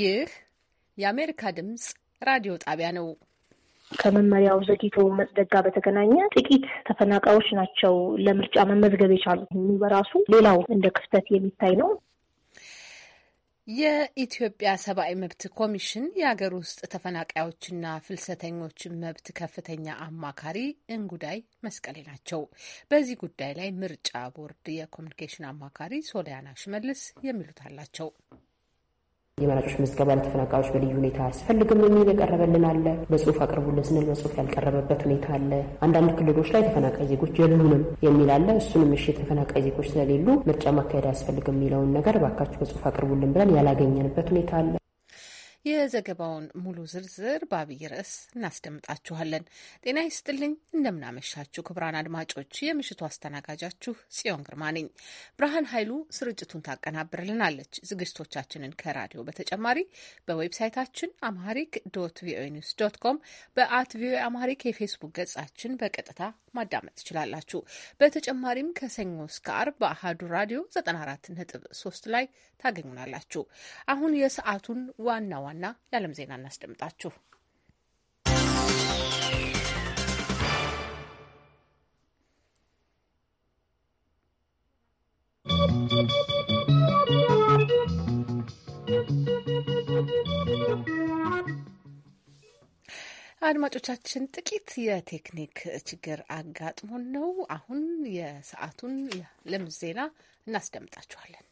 ይህ የአሜሪካ ድምጽ ራዲዮ ጣቢያ ነው። ከመመሪያው ዘግይቶ መጽደቅ ጋር በተገናኘ ጥቂት ተፈናቃዮች ናቸው ለምርጫ መመዝገብ የቻሉት። በራሱ ሌላው እንደ ክፍተት የሚታይ ነው። የኢትዮጵያ ሰብአዊ መብት ኮሚሽን የሀገር ውስጥ ተፈናቃዮችና ፍልሰተኞች መብት ከፍተኛ አማካሪ እንጉዳይ መስቀሌ ናቸው። በዚህ ጉዳይ ላይ ምርጫ ቦርድ የኮሚኒኬሽን አማካሪ ሶሊያና ሽመልስ የሚሉት አላቸው። የመራጮች ምዝገባ ለተፈናቃዮች በልዩ ሁኔታ አያስፈልግም የሚል የቀረበልን አለ። በጽሁፍ አቅርቡልን ስንል በጽሁፍ ያልቀረበበት ሁኔታ አለ። አንዳንድ ክልሎች ላይ ተፈናቃይ ዜጎች የሉንም የሚል አለ። እሱንም እሺ ተፈናቃይ ዜጎች ስለሌሉ ምርጫ ማካሄድ አያስፈልግም የሚለውን ነገር ባካችሁ በጽሁፍ አቅርቡልን ብለን ያላገኘንበት ሁኔታ አለ። የዘገባውን ሙሉ ዝርዝር በአብይ ርዕስ እናስደምጣችኋለን። ጤና ይስጥልኝ፣ እንደምናመሻችሁ ክቡራን አድማጮች፣ የምሽቱ አስተናጋጃችሁ ጽዮን ግርማ ነኝ። ብርሃን ኃይሉ ስርጭቱን ታቀናብርልናለች። ዝግጅቶቻችንን ከራዲዮ በተጨማሪ በዌብሳይታችን አምሃሪክ ዶት ቪኦኤ ኒውስ ዶት ኮም፣ በአት ቪኦኤ አምሃሪክ የፌስቡክ ገጻችን በቀጥታ ማዳመጥ ትችላላችሁ። በተጨማሪም ከሰኞ እስከ አርብ በአሀዱ ራዲዮ 94.3 ላይ ታገኙናላችሁ። አሁን የሰዓቱን ዋና ዋና የዓለም ዜና እናስደምጣችሁ። አድማጮቻችን ጥቂት የቴክኒክ ችግር አጋጥሞን ነው። አሁን የሰዓቱን የዓለም ዜና እናስደምጣችኋለን።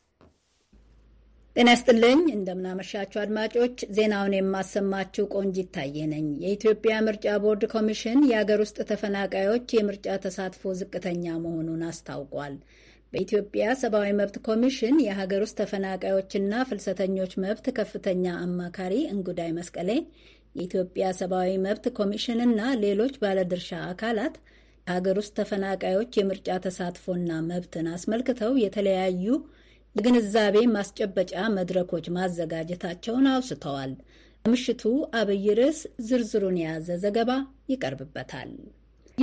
ጤና ይስጥልኝ፣ እንደምናመሻችሁ አድማጮች። ዜናውን የማሰማችው ቆንጂ ይታየ ነኝ። የኢትዮጵያ ምርጫ ቦርድ ኮሚሽን የአገር ውስጥ ተፈናቃዮች የምርጫ ተሳትፎ ዝቅተኛ መሆኑን አስታውቋል። በኢትዮጵያ ሰብአዊ መብት ኮሚሽን የሀገር ውስጥ ተፈናቃዮችና ፍልሰተኞች መብት ከፍተኛ አማካሪ እንጉዳይ መስቀሌ የኢትዮጵያ ሰብአዊ መብት ኮሚሽንና ሌሎች ባለድርሻ አካላት ሀገር ውስጥ ተፈናቃዮች የምርጫ ተሳትፎና መብትን አስመልክተው የተለያዩ የግንዛቤ ማስጨበጫ መድረኮች ማዘጋጀታቸውን አውስተዋል። ምሽቱ አብይ ርዕስ ዝርዝሩን የያዘ ዘገባ ይቀርብበታል።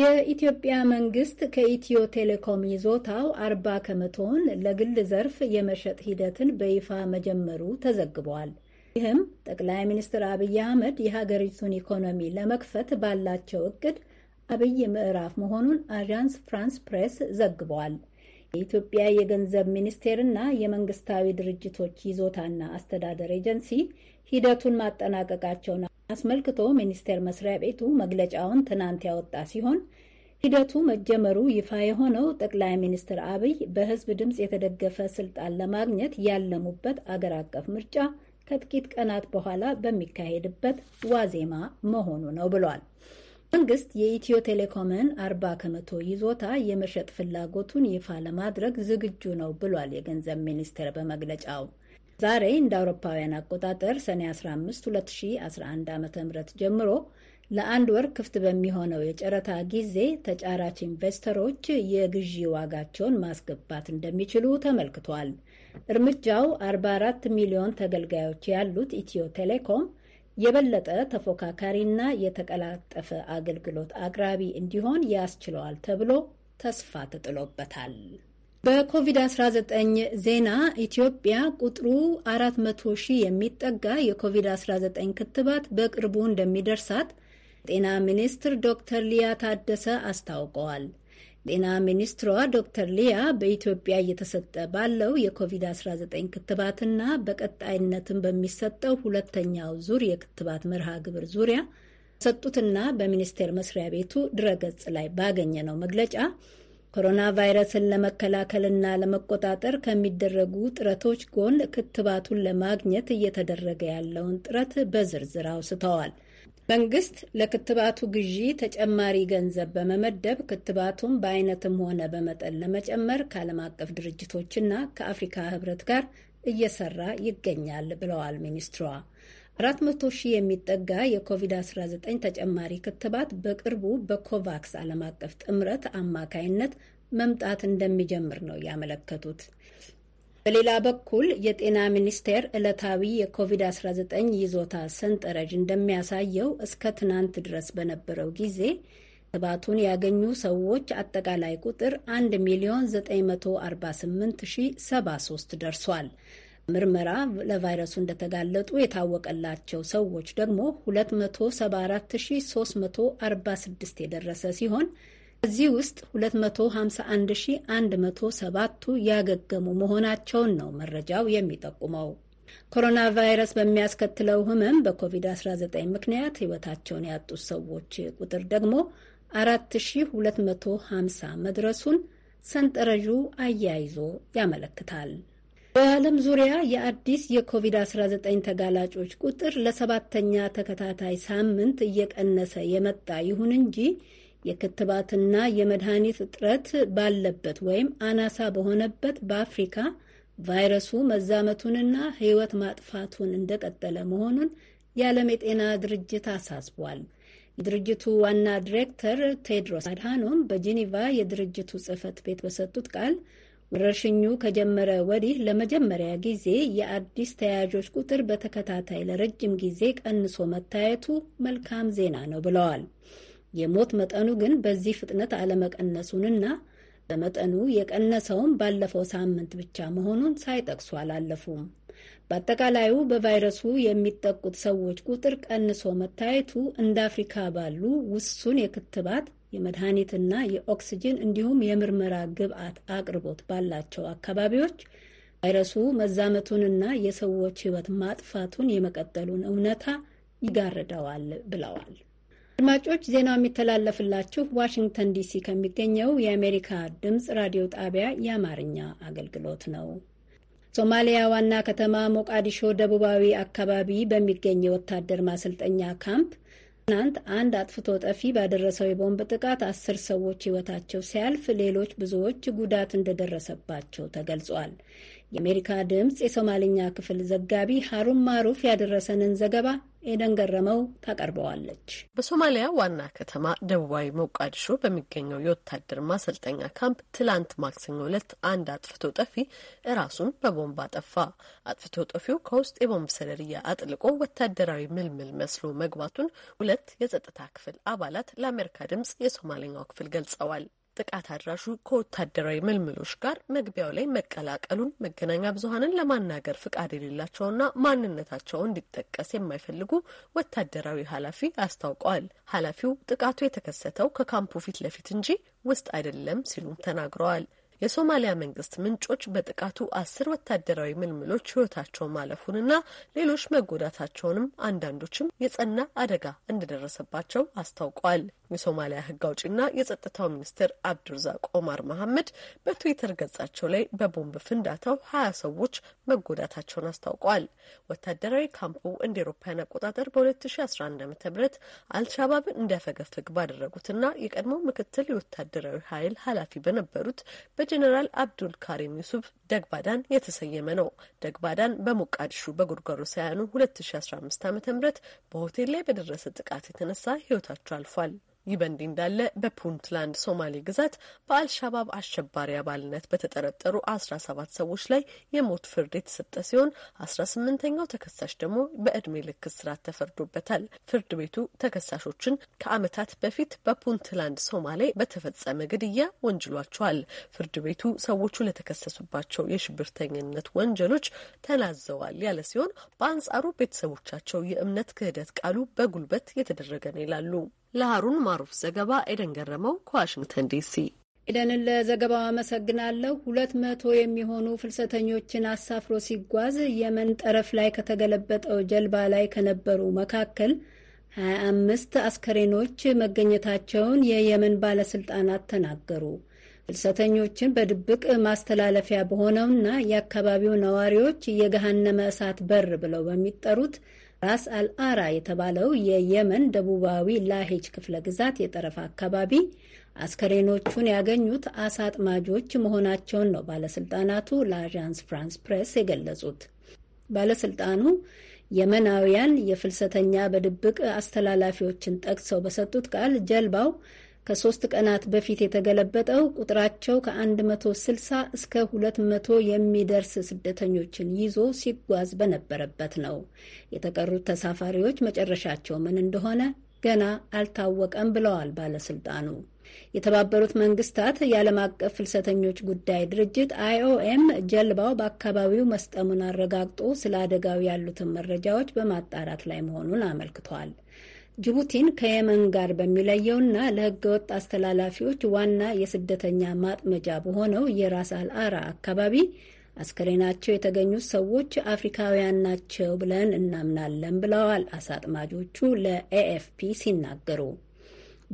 የኢትዮጵያ መንግስት ከኢትዮ ቴሌኮም ይዞታው አርባ ከመቶውን ለግል ዘርፍ የመሸጥ ሂደትን በይፋ መጀመሩ ተዘግቧል። ይህም ጠቅላይ ሚኒስትር አብይ አህመድ የሀገሪቱን ኢኮኖሚ ለመክፈት ባላቸው እቅድ አብይ ምዕራፍ መሆኑን አዣንስ ፍራንስ ፕሬስ ዘግቧል። የኢትዮጵያ የገንዘብ ሚኒስቴርና የመንግስታዊ ድርጅቶች ይዞታና አስተዳደር ኤጀንሲ ሂደቱን ማጠናቀቃቸውን አስመልክቶ ሚኒስቴር መስሪያ ቤቱ መግለጫውን ትናንት ያወጣ ሲሆን ሂደቱ መጀመሩ ይፋ የሆነው ጠቅላይ ሚኒስትር አብይ በህዝብ ድምፅ የተደገፈ ስልጣን ለማግኘት ያለሙበት አገር አቀፍ ምርጫ ከጥቂት ቀናት በኋላ በሚካሄድበት ዋዜማ መሆኑ ነው ብሏል። መንግስት የኢትዮ ቴሌኮምን አርባ ከመቶ ይዞታ የመሸጥ ፍላጎቱን ይፋ ለማድረግ ዝግጁ ነው ብሏል የገንዘብ ሚኒስቴር በመግለጫው። ዛሬ እንደ አውሮፓውያን አቆጣጠር ሰኔ 15 2011 ም ጀምሮ ለአንድ ወር ክፍት በሚሆነው የጨረታ ጊዜ ተጫራች ኢንቨስተሮች የግዢ ዋጋቸውን ማስገባት እንደሚችሉ ተመልክቷል። እርምጃው 44 ሚሊዮን ተገልጋዮች ያሉት ኢትዮ ቴሌኮም የበለጠ ተፎካካሪና የተቀላጠፈ አገልግሎት አቅራቢ እንዲሆን ያስችለዋል ተብሎ ተስፋ ተጥሎበታል። በኮቪድ-19 ዜና ኢትዮጵያ ቁጥሩ 400 ሺህ የሚጠጋ የኮቪድ-19 ክትባት በቅርቡ እንደሚደርሳት ጤና ሚኒስትር ዶክተር ሊያ ታደሰ አስታውቀዋል። ጤና ሚኒስትሯ ዶክተር ሊያ በኢትዮጵያ እየተሰጠ ባለው የኮቪድ-19 ክትባትና በቀጣይነትም በሚሰጠው ሁለተኛው ዙር የክትባት መርሃ ግብር ዙሪያ ሰጡትና በሚኒስቴር መስሪያ ቤቱ ድረገጽ ላይ ባገኘ ነው መግለጫ ኮሮና ቫይረስን ለመከላከልና ለመቆጣጠር ከሚደረጉ ጥረቶች ጎን ክትባቱን ለማግኘት እየተደረገ ያለውን ጥረት በዝርዝር አውስተዋል። መንግስት ለክትባቱ ግዢ ተጨማሪ ገንዘብ በመመደብ ክትባቱን በአይነትም ሆነ በመጠን ለመጨመር ከዓለም አቀፍ ድርጅቶችና ከአፍሪካ ህብረት ጋር እየሰራ ይገኛል ብለዋል ሚኒስትሯ። 400 ሺህ የሚጠጋ የኮቪድ-19 ተጨማሪ ክትባት በቅርቡ በኮቫክስ ዓለም አቀፍ ጥምረት አማካይነት መምጣት እንደሚጀምር ነው ያመለከቱት። በሌላ በኩል የጤና ሚኒስቴር ዕለታዊ የኮቪድ-19 ይዞታ ሰንጠረዥ እንደሚያሳየው እስከ ትናንት ድረስ በነበረው ጊዜ ክትባቱን ያገኙ ሰዎች አጠቃላይ ቁጥር 1 ሚሊዮን 948073 ደርሷል። ምርመራ ለቫይረሱ እንደተጋለጡ የታወቀላቸው ሰዎች ደግሞ 274346 የደረሰ ሲሆን እዚህ ውስጥ 251107ቱ ያገገሙ መሆናቸውን ነው መረጃው የሚጠቁመው። ኮሮና ቫይረስ በሚያስከትለው ህመም በኮቪድ-19 ምክንያት ህይወታቸውን ያጡት ሰዎች ቁጥር ደግሞ 4250 መድረሱን ሰንጠረዡ አያይዞ ያመለክታል። በዓለም ዙሪያ የአዲስ የኮቪድ-19 ተጋላጮች ቁጥር ለሰባተኛ ተከታታይ ሳምንት እየቀነሰ የመጣ ይሁን እንጂ የክትባትና የመድኃኒት እጥረት ባለበት ወይም አናሳ በሆነበት በአፍሪካ ቫይረሱ መዛመቱንና ሕይወት ማጥፋቱን እንደቀጠለ መሆኑን የዓለም የጤና ድርጅት አሳስቧል። የድርጅቱ ዋና ዲሬክተር ቴድሮስ አድሃኖም በጄኔቫ የድርጅቱ ጽህፈት ቤት በሰጡት ቃል ወረርሽኙ ከጀመረ ወዲህ ለመጀመሪያ ጊዜ የአዲስ ተያያዦች ቁጥር በተከታታይ ለረጅም ጊዜ ቀንሶ መታየቱ መልካም ዜና ነው ብለዋል። የሞት መጠኑ ግን በዚህ ፍጥነት አለመቀነሱንና በመጠኑ የቀነሰውም ባለፈው ሳምንት ብቻ መሆኑን ሳይጠቅሱ አላለፉም። በአጠቃላዩ በቫይረሱ የሚጠቁት ሰዎች ቁጥር ቀንሶ መታየቱ እንደ አፍሪካ ባሉ ውሱን የክትባት የመድኃኒትና የኦክስጅን እንዲሁም የምርመራ ግብዓት አቅርቦት ባላቸው አካባቢዎች ቫይረሱ መዛመቱንና የሰዎች ሕይወት ማጥፋቱን የመቀጠሉን እውነታ ይጋርደዋል ብለዋል። አድማጮች ዜናው የሚተላለፍላችሁ ዋሽንግተን ዲሲ ከሚገኘው የአሜሪካ ድምፅ ራዲዮ ጣቢያ የአማርኛ አገልግሎት ነው። ሶማሊያ ዋና ከተማ ሞቃዲሾ ደቡባዊ አካባቢ በሚገኝ የወታደር ማሰልጠኛ ካምፕ ትናንት አንድ አጥፍቶ ጠፊ ባደረሰው የቦምብ ጥቃት አስር ሰዎች ሕይወታቸው ሲያልፍ ሌሎች ብዙዎች ጉዳት እንደደረሰባቸው ተገልጿል። የአሜሪካ ድምፅ የሶማልኛ ክፍል ዘጋቢ ሀሩን ማሩፍ ያደረሰንን ዘገባ ኤደን ገረመው ታቀርበዋለች። በሶማሊያ ዋና ከተማ ደቡባዊ ሞቃዲሾ በሚገኘው የወታደር ማሰልጠኛ ካምፕ ትላንት ማክሰኞ ዕለት አንድ አጥፍቶ ጠፊ ራሱን በቦምብ አጠፋ። አጥፍቶ ጠፊው ከውስጥ የቦምብ ሰለርያ አጥልቆ ወታደራዊ ምልምል መስሎ መግባቱን ሁለት የጸጥታ ክፍል አባላት ለአሜሪካ ድምጽ የሶማሊኛው ክፍል ገልጸዋል። ጥቃት አድራሹ ከወታደራዊ ምልምሎች ጋር መግቢያው ላይ መቀላቀሉን መገናኛ ብዙኃንን ለማናገር ፍቃድ የሌላቸውና ማንነታቸው እንዲጠቀስ የማይፈልጉ ወታደራዊ ኃላፊ አስታውቀዋል። ኃላፊው ጥቃቱ የተከሰተው ከካምፑ ፊት ለፊት እንጂ ውስጥ አይደለም ሲሉም ተናግረዋል። የሶማሊያ መንግስት ምንጮች በጥቃቱ አስር ወታደራዊ ምልምሎች ህይወታቸው ማለፉንና ሌሎች መጎዳታቸውንም አንዳንዶችም የጸና አደጋ እንደደረሰባቸው አስታውቋል። የሶማሊያ ህግ አውጪና የጸጥታው ሚኒስትር አብዱርዛቅ ኦማር መሐመድ በትዊተር ገጻቸው ላይ በቦምብ ፍንዳታው ሀያ ሰዎች መጎዳታቸውን አስታውቋል። ወታደራዊ ካምፑ እንደ ኤሮፓያን አቆጣጠር በ2011 ዓ ም አልሻባብን እንዲያፈገፍግ ባደረጉትና የቀድሞ ምክትል የወታደራዊ ኃይል ኃላፊ በነበሩት በ በጀኔራል አብዱል ካሪም ዩሱፍ ደግባዳን የተሰየመ ነው። ደግባዳን በሞቃዲሹ ሳያኑ 2015 ዓ ም በሆቴል ላይ በደረሰ ጥቃት የተነሳ ህይወታቸው አልፏል። ይህ በእንዲህ እንዳለ በፑንትላንድ ሶማሌ ግዛት በአልሻባብ አሸባሪ አባልነት በተጠረጠሩ አስራ ሰባት ሰዎች ላይ የሞት ፍርድ የተሰጠ ሲሆን አስራ ስምንተኛው ተከሳሽ ደግሞ በእድሜ ልክ እስራት ተፈርዶበታል። ፍርድ ቤቱ ተከሳሾችን ከዓመታት በፊት በፑንትላንድ ሶማሌ በተፈጸመ ግድያ ወንጅሏቸዋል። ፍርድ ቤቱ ሰዎቹ ለተከሰሱባቸው የሽብርተኝነት ወንጀሎች ተናዘዋል ያለ ሲሆን፣ በአንጻሩ ቤተሰቦቻቸው የእምነት ክህደት ቃሉ በጉልበት የተደረገ ነው ይላሉ። ለሀሩን ማሩፍ ዘገባ ኤደን ገረመው ከዋሽንግተን ዲሲ። ኢደንን ለዘገባው አመሰግናለሁ። ሁለት መቶ የሚሆኑ ፍልሰተኞችን አሳፍሮ ሲጓዝ የመን ጠረፍ ላይ ከተገለበጠው ጀልባ ላይ ከነበሩ መካከል ሀያ አምስት አስከሬኖች መገኘታቸውን የየመን ባለስልጣናት ተናገሩ። ፍልሰተኞችን በድብቅ ማስተላለፊያ በሆነውና የአካባቢው ነዋሪዎች የገሃነመ እሳት በር ብለው በሚጠሩት ራስ አልአራ የተባለው የየመን ደቡባዊ ላሄጅ ክፍለ ግዛት የጠረፍ አካባቢ አስከሬኖቹን ያገኙት አሳ አጥማጆች መሆናቸውን ነው ባለስልጣናቱ ለአዣንስ ፍራንስ ፕሬስ የገለጹት። ባለስልጣኑ የመናውያን የፍልሰተኛ በድብቅ አስተላላፊዎችን ጠቅሰው በሰጡት ቃል ጀልባው ከሶስት ቀናት በፊት የተገለበጠው ቁጥራቸው ከ160 እስከ 200 የሚደርስ ስደተኞችን ይዞ ሲጓዝ በነበረበት ነው። የተቀሩት ተሳፋሪዎች መጨረሻቸው ምን እንደሆነ ገና አልታወቀም ብለዋል ባለስልጣኑ። የተባበሩት መንግስታት የዓለም አቀፍ ፍልሰተኞች ጉዳይ ድርጅት አይኦኤም ጀልባው በአካባቢው መስጠሙን አረጋግጦ ስለ አደጋው ያሉትን መረጃዎች በማጣራት ላይ መሆኑን አመልክቷል። ጅቡቲን ከየመን ጋር በሚለየውና ለህገወጥ አስተላላፊዎች ዋና የስደተኛ ማጥመጃ በሆነው የራስ አልአራ አካባቢ አስከሬናቸው የተገኙት ሰዎች አፍሪካውያን ናቸው ብለን እናምናለን ብለዋል አሳጥማጆቹ ለኤኤፍፒ ሲናገሩ።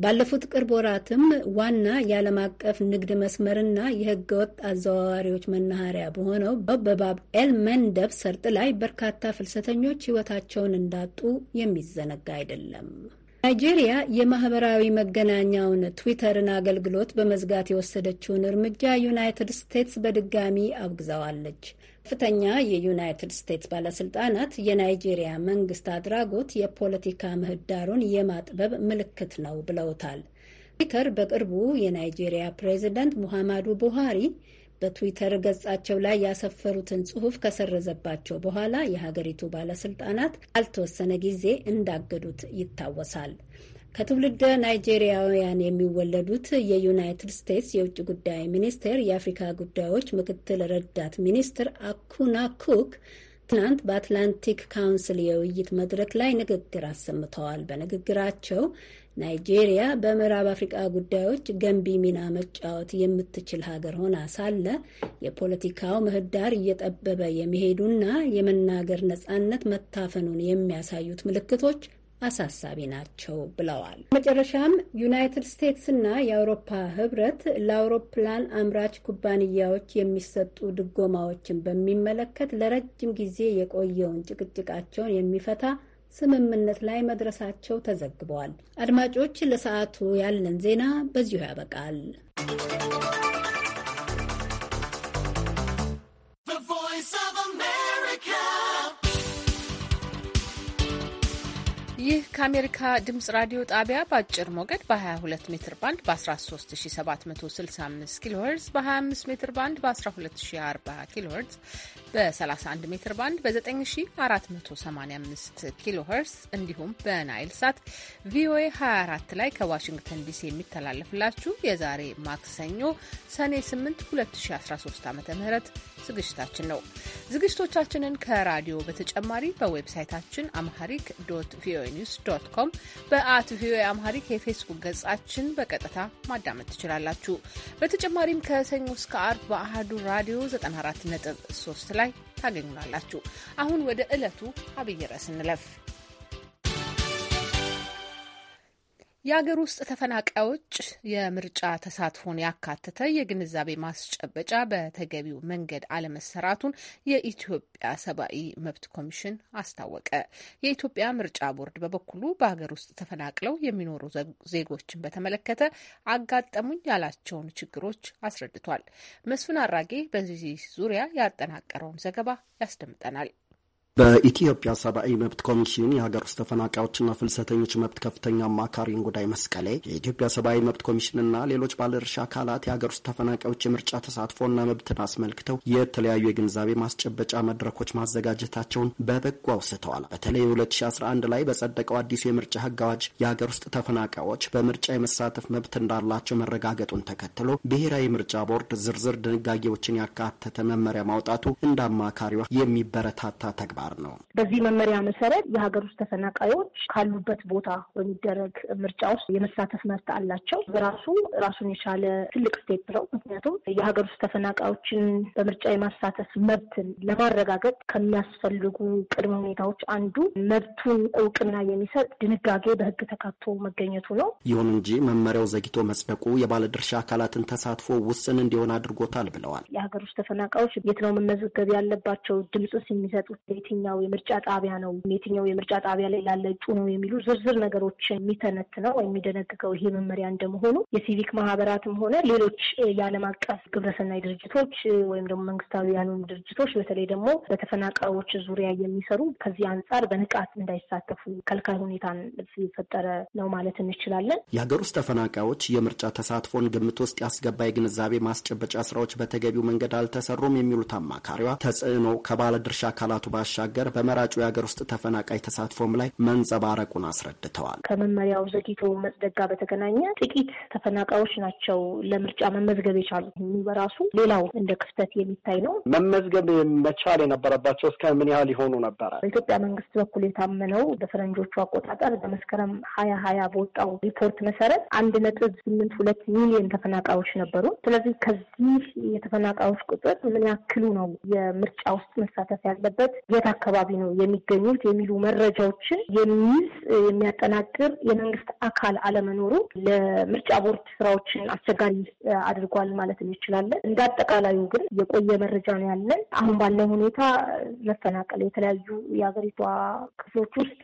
ባለፉት ቅርብ ወራትም ዋና የዓለም አቀፍ ንግድ መስመርና ወጥ አዘዋዋሪዎች መናኸሪያ በሆነው በባብ ኤል መንደብ ሰርጥ ላይ በርካታ ፍልሰተኞች ህይወታቸውን እንዳጡ የሚዘነጋ አይደለም። ናይጄሪያ የማህበራዊ መገናኛውን ትዊተርን አገልግሎት በመዝጋት የወሰደችውን እርምጃ ዩናይትድ ስቴትስ በድጋሚ አውግዛዋለች። ከፍተኛ የዩናይትድ ስቴትስ ባለስልጣናት የናይጄሪያ መንግስት አድራጎት የፖለቲካ ምህዳሩን የማጥበብ ምልክት ነው ብለውታል። ትዊተር በቅርቡ የናይጄሪያ ፕሬዚደንት ሙሐማዱ ቡሃሪ በትዊተር ገጻቸው ላይ ያሰፈሩትን ጽሑፍ ከሰረዘባቸው በኋላ የሀገሪቱ ባለስልጣናት አልተወሰነ ጊዜ እንዳገዱት ይታወሳል። ከትውልደ ናይጄሪያውያን የሚወለዱት የዩናይትድ ስቴትስ የውጭ ጉዳይ ሚኒስቴር የአፍሪካ ጉዳዮች ምክትል ረዳት ሚኒስትር አኩና ኩክ ትናንት በአትላንቲክ ካውንስል የውይይት መድረክ ላይ ንግግር አሰምተዋል። በንግግራቸው ናይጄሪያ በምዕራብ አፍሪቃ ጉዳዮች ገንቢ ሚና መጫወት የምትችል ሀገር ሆና ሳለ የፖለቲካው ምህዳር እየጠበበ የመሄዱና የመናገር ነጻነት መታፈኑን የሚያሳዩት ምልክቶች አሳሳቢ ናቸው ብለዋል። መጨረሻም ዩናይትድ ስቴትስና የአውሮፓ ህብረት ለአውሮፕላን አምራች ኩባንያዎች የሚሰጡ ድጎማዎችን በሚመለከት ለረጅም ጊዜ የቆየውን ጭቅጭቃቸውን የሚፈታ ስምምነት ላይ መድረሳቸው ተዘግበዋል። አድማጮች፣ ለሰዓቱ ያለን ዜና በዚሁ ያበቃል። ይህ ከአሜሪካ ድምጽ ራዲዮ ጣቢያ በአጭር ሞገድ በ22 ሜትር ባንድ በ13765 ኪሎ ሄርዝ በ25 ሜትር ባንድ በ1240 ኪሎ ሄርዝ በ31 ሜትር ባንድ በ9485 ኪሎ ሄርዝ እንዲሁም በናይል ሳት ቪኦኤ 24 ላይ ከዋሽንግተን ዲሲ የሚተላለፍላችሁ የዛሬ ማክሰኞ ሰኔ 8 2013 ዓ ም ዝግጅታችን ነው። ዝግጅቶቻችንን ከራዲዮ በተጨማሪ በዌብሳይታችን አምሃሪክ ዶት ቪኦኤ ኒውስ ዶት ኮም፣ በአት ቪኦኤ አምሃሪክ የፌስቡክ ገጻችን በቀጥታ ማዳመጥ ትችላላችሁ። በተጨማሪም ከሰኞ እስከ አርብ በአህዱ ራዲዮ 94.3 ላይ ታገኙናላችሁ። አሁን ወደ ዕለቱ አብይ ርዕስ እንለፍ። የአገር ውስጥ ተፈናቃዮች የምርጫ ተሳትፎን ያካተተ የግንዛቤ ማስጨበጫ በተገቢው መንገድ አለመሰራቱን የኢትዮጵያ ሰብአዊ መብት ኮሚሽን አስታወቀ። የኢትዮጵያ ምርጫ ቦርድ በበኩሉ በሀገር ውስጥ ተፈናቅለው የሚኖሩ ዜጎችን በተመለከተ አጋጠሙኝ ያላቸውን ችግሮች አስረድቷል። መስፍን አራጌ በዚህ ዙሪያ ያጠናቀረውን ዘገባ ያስደምጠናል። በኢትዮጵያ ሰብአዊ መብት ኮሚሽን የሀገር ውስጥ ተፈናቃዮችና ፍልሰተኞች መብት ከፍተኛ አማካሪ እንጉዳይ መስቀሌ የኢትዮጵያ ሰብአዊ መብት ኮሚሽንና ሌሎች ባለድርሻ አካላት የሀገር ውስጥ ተፈናቃዮች የምርጫ ተሳትፎና መብትን አስመልክተው የተለያዩ የግንዛቤ ማስጨበጫ መድረኮች ማዘጋጀታቸውን በበጎ አውስተዋል። በተለይ 2011 ላይ በጸደቀው አዲሱ የምርጫ ህግ አዋጅ የሀገር ውስጥ ተፈናቃዮች በምርጫ የመሳተፍ መብት እንዳላቸው መረጋገጡን ተከትሎ ብሔራዊ ምርጫ ቦርድ ዝርዝር ድንጋጌዎችን ያካተተ መመሪያ ማውጣቱ እንደ አማካሪዋ የሚበረታታ ተግባል አንጻር ነው። በዚህ መመሪያ መሰረት የሀገር ውስጥ ተፈናቃዮች ካሉበት ቦታ በሚደረግ ምርጫ ውስጥ የመሳተፍ መብት አላቸው። በራሱ ራሱን የቻለ ትልቅ ስቴፕ ነው። ምክንያቱም የሀገር ውስጥ ተፈናቃዮችን በምርጫ የማሳተፍ መብትን ለማረጋገጥ ከሚያስፈልጉ ቅድመ ሁኔታዎች አንዱ መብቱን እውቅና የሚሰጥ ድንጋጌ በህግ ተካቶ መገኘቱ ነው። ይሁን እንጂ መመሪያው ዘግቶ መጽደቁ የባለድርሻ አካላትን ተሳትፎ ውስን እንዲሆን አድርጎታል ብለዋል። የሀገር ውስጥ ተፈናቃዮች የት ነው መመዝገብ ያለባቸው? ድምፅስ የሚሰጡት ቤት የትኛው የምርጫ ጣቢያ ነው፣ የትኛው የምርጫ ጣቢያ ላይ ላለ እጩ ነው የሚሉ ዝርዝር ነገሮች የሚተነትነው ወይም የሚደነግገው ይሄ መመሪያ እንደመሆኑ የሲቪክ ማህበራትም ሆነ ሌሎች የዓለም አቀፍ ግብረሰናይ ድርጅቶች ወይም ደግሞ መንግስታዊ ያልሆኑ ድርጅቶች በተለይ ደግሞ በተፈናቃዮች ዙሪያ የሚሰሩ ከዚህ አንጻር በንቃት እንዳይሳተፉ ከልካይ ሁኔታን የፈጠረ ነው ማለት እንችላለን። የሀገር ውስጥ ተፈናቃዮች የምርጫ ተሳትፎን ግምት ውስጥ ያስገባ የግንዛቤ ማስጨበጫ ስራዎች በተገቢው መንገድ አልተሰሩም የሚሉት አማካሪዋ ተጽዕኖ ከባለድርሻ አካላቱ ባሻ ባሻገር በመራጩ የሀገር ውስጥ ተፈናቃይ ተሳትፎም ላይ መንጸባረቁን አስረድተዋል። ከመመሪያው ዘግይቶ መጽደቅ ጋር በተገናኘ ጥቂት ተፈናቃዮች ናቸው ለምርጫ መመዝገብ የቻሉ። በራሱ ሌላው እንደ ክፍተት የሚታይ ነው። መመዝገብ መቻል የነበረባቸው እስከ ምን ያህል ይሆኑ ነበረ? በኢትዮጵያ መንግስት በኩል የታመነው በፈረንጆቹ አቆጣጠር በመስከረም ሀያ ሀያ በወጣው ሪፖርት መሰረት አንድ ነጥብ ስምንት ሁለት ሚሊዮን ተፈናቃዮች ነበሩ። ስለዚህ ከዚህ የተፈናቃዮች ቁጥር ምን ያክሉ ነው የምርጫ ውስጥ መሳተፍ ያለበት? የት አካባቢ ነው የሚገኙት የሚሉ መረጃዎችን የሚይዝ የሚያጠናቅር የመንግስት አካል አለመኖሩ ለምርጫ ቦርድ ስራዎችን አስቸጋሪ አድርጓል ማለት እንችላለን። እንደ አጠቃላዩ ግን የቆየ መረጃ ነው ያለን። አሁን ባለው ሁኔታ መፈናቀል የተለያዩ የሀገሪቷ ክፍሎች ውስጥ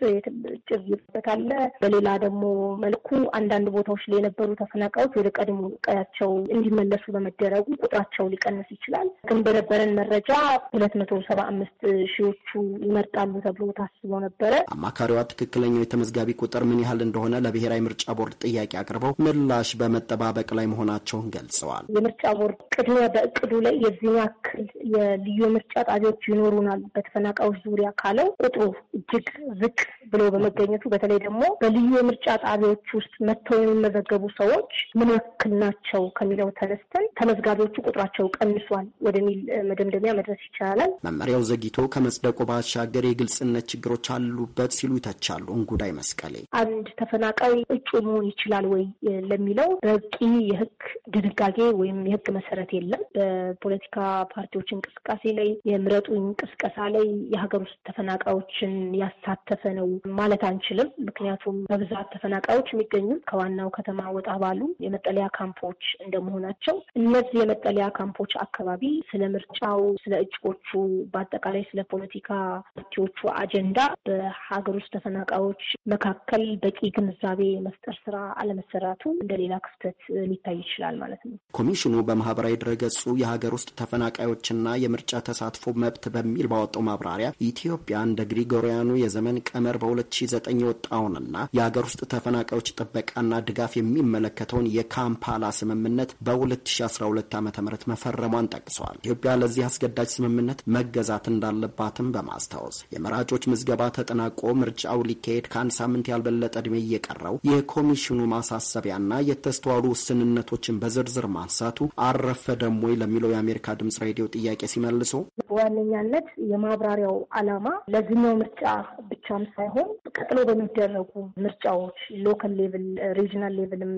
ጭር ይበታለ። በሌላ ደግሞ መልኩ አንዳንድ ቦታዎች ላይ የነበሩ ተፈናቃዮች ወደ ቀድሞ ቀያቸው እንዲመለሱ በመደረጉ ቁጥራቸው ሊቀንስ ይችላል። ግን በነበረን መረጃ ሁለት መቶ ሰባ አምስት ሺዎቹ ይመርጣሉ ተብሎ ታስቦ ነበረ። አማካሪዋ ትክክለኛው የተመዝጋቢ ቁጥር ምን ያህል እንደሆነ ለብሔራዊ ምርጫ ቦርድ ጥያቄ አቅርበው ምላሽ በመጠባበቅ ላይ መሆናቸውን ገልጸዋል። የምርጫ ቦርድ ቅድሚያ በእቅዱ ላይ የዚህን ያክል የልዩ ምርጫ ጣቢያዎች ይኖሩናል በተፈናቃዮች ዙሪያ ካለው ቁጥሩ እጅግ ዝቅ ብሎ በመገኘቱ በተለይ ደግሞ በልዩ የምርጫ ጣቢያዎች ውስጥ መጥተው የሚመዘገቡ ሰዎች ምን ያክል ናቸው ከሚለው ተነስተን ተመዝጋቢዎቹ ቁጥራቸው ቀንሷል ወደሚል መደምደሚያ መድረስ ይቻላል። መመሪያው ዘግይቶ ከመጽደቁ ባሻገር የግልጽነት ችግሮች አሉበት ሲሉ ይተቻሉ። እንጉዳይ መስቀሌ አንድ ተፈናቃይ እጩ መሆን ይችላል ወይ ለሚለው በቂ የህግ ድንጋጌ ወይም የህግ መሰረት የለም። በፖለቲካ ፓርቲዎች እንቅስቃሴ ላይ፣ የምረጡ ቅስቀሳ ላይ የሀገር ውስጥ ተፈናቃዮችን ያሳተፈ ነው ማለት አንችልም። ምክንያቱም በብዛት ተፈናቃዮች የሚገኙት ከዋናው ከተማ ወጣ ባሉ የመጠለያ ካምፖች እንደመሆናቸው እነዚህ የመጠለያ ካምፖች አካባቢ ስለ ምርጫው፣ ስለ እጩዎቹ፣ በአጠቃላይ ስለ ፖለቲካ ፓርቲዎቹ አጀንዳ በሀገር ውስጥ ተፈናቃዮች መካከል በቂ ግንዛቤ መፍጠር ስራ አለመሰራቱ እንደሌላ ክፍተት ሊታይ ይችላል ማለት ነው። ኮሚሽኑ በማህበራዊ ድረገጹ የሀገር ውስጥ ተፈናቃዮችና የምርጫ ተሳትፎ መብት በሚል ባወጣው ማብራሪያ ኢትዮጵያ እንደ ግሪጎሪያኑ የዘመን ቀመር በ2009 የወጣውንና የሀገር ውስጥ ተፈናቃዮች ጥበቃና ድጋፍ የሚመለከተውን የካምፓላ ስምምነት በ2012 ዓ ም መፈረሟን ጠቅሷል። ኢትዮጵያ ለዚህ አስገዳጅ ስምምነት መገዛት እንዳለባትም በማስታወስ የመራጮች ምዝገባ ተጠናቆ ምርጫው ሊካሄድ ከአንድ ሳምንት ያልበለጠ እድሜ እየቀረው የኮሚሽኑ ማሳሰቢያና የተስተዋሉ ውስንነቶችን በዝርዝር ማንሳቱ አረፈ ደሞ ለሚለው የአሜሪካ ድምጽ ሬዲዮ ጥያቄ ሲመልሱ በዋነኛነት የማብራሪያው ዓላማ ለዚህኛው ምርጫ ብቻም ሳይሆን ቀጥሎ በሚደረጉ ምርጫዎች ሎካል ሌቭል፣ ሪጅናል ሌቭልም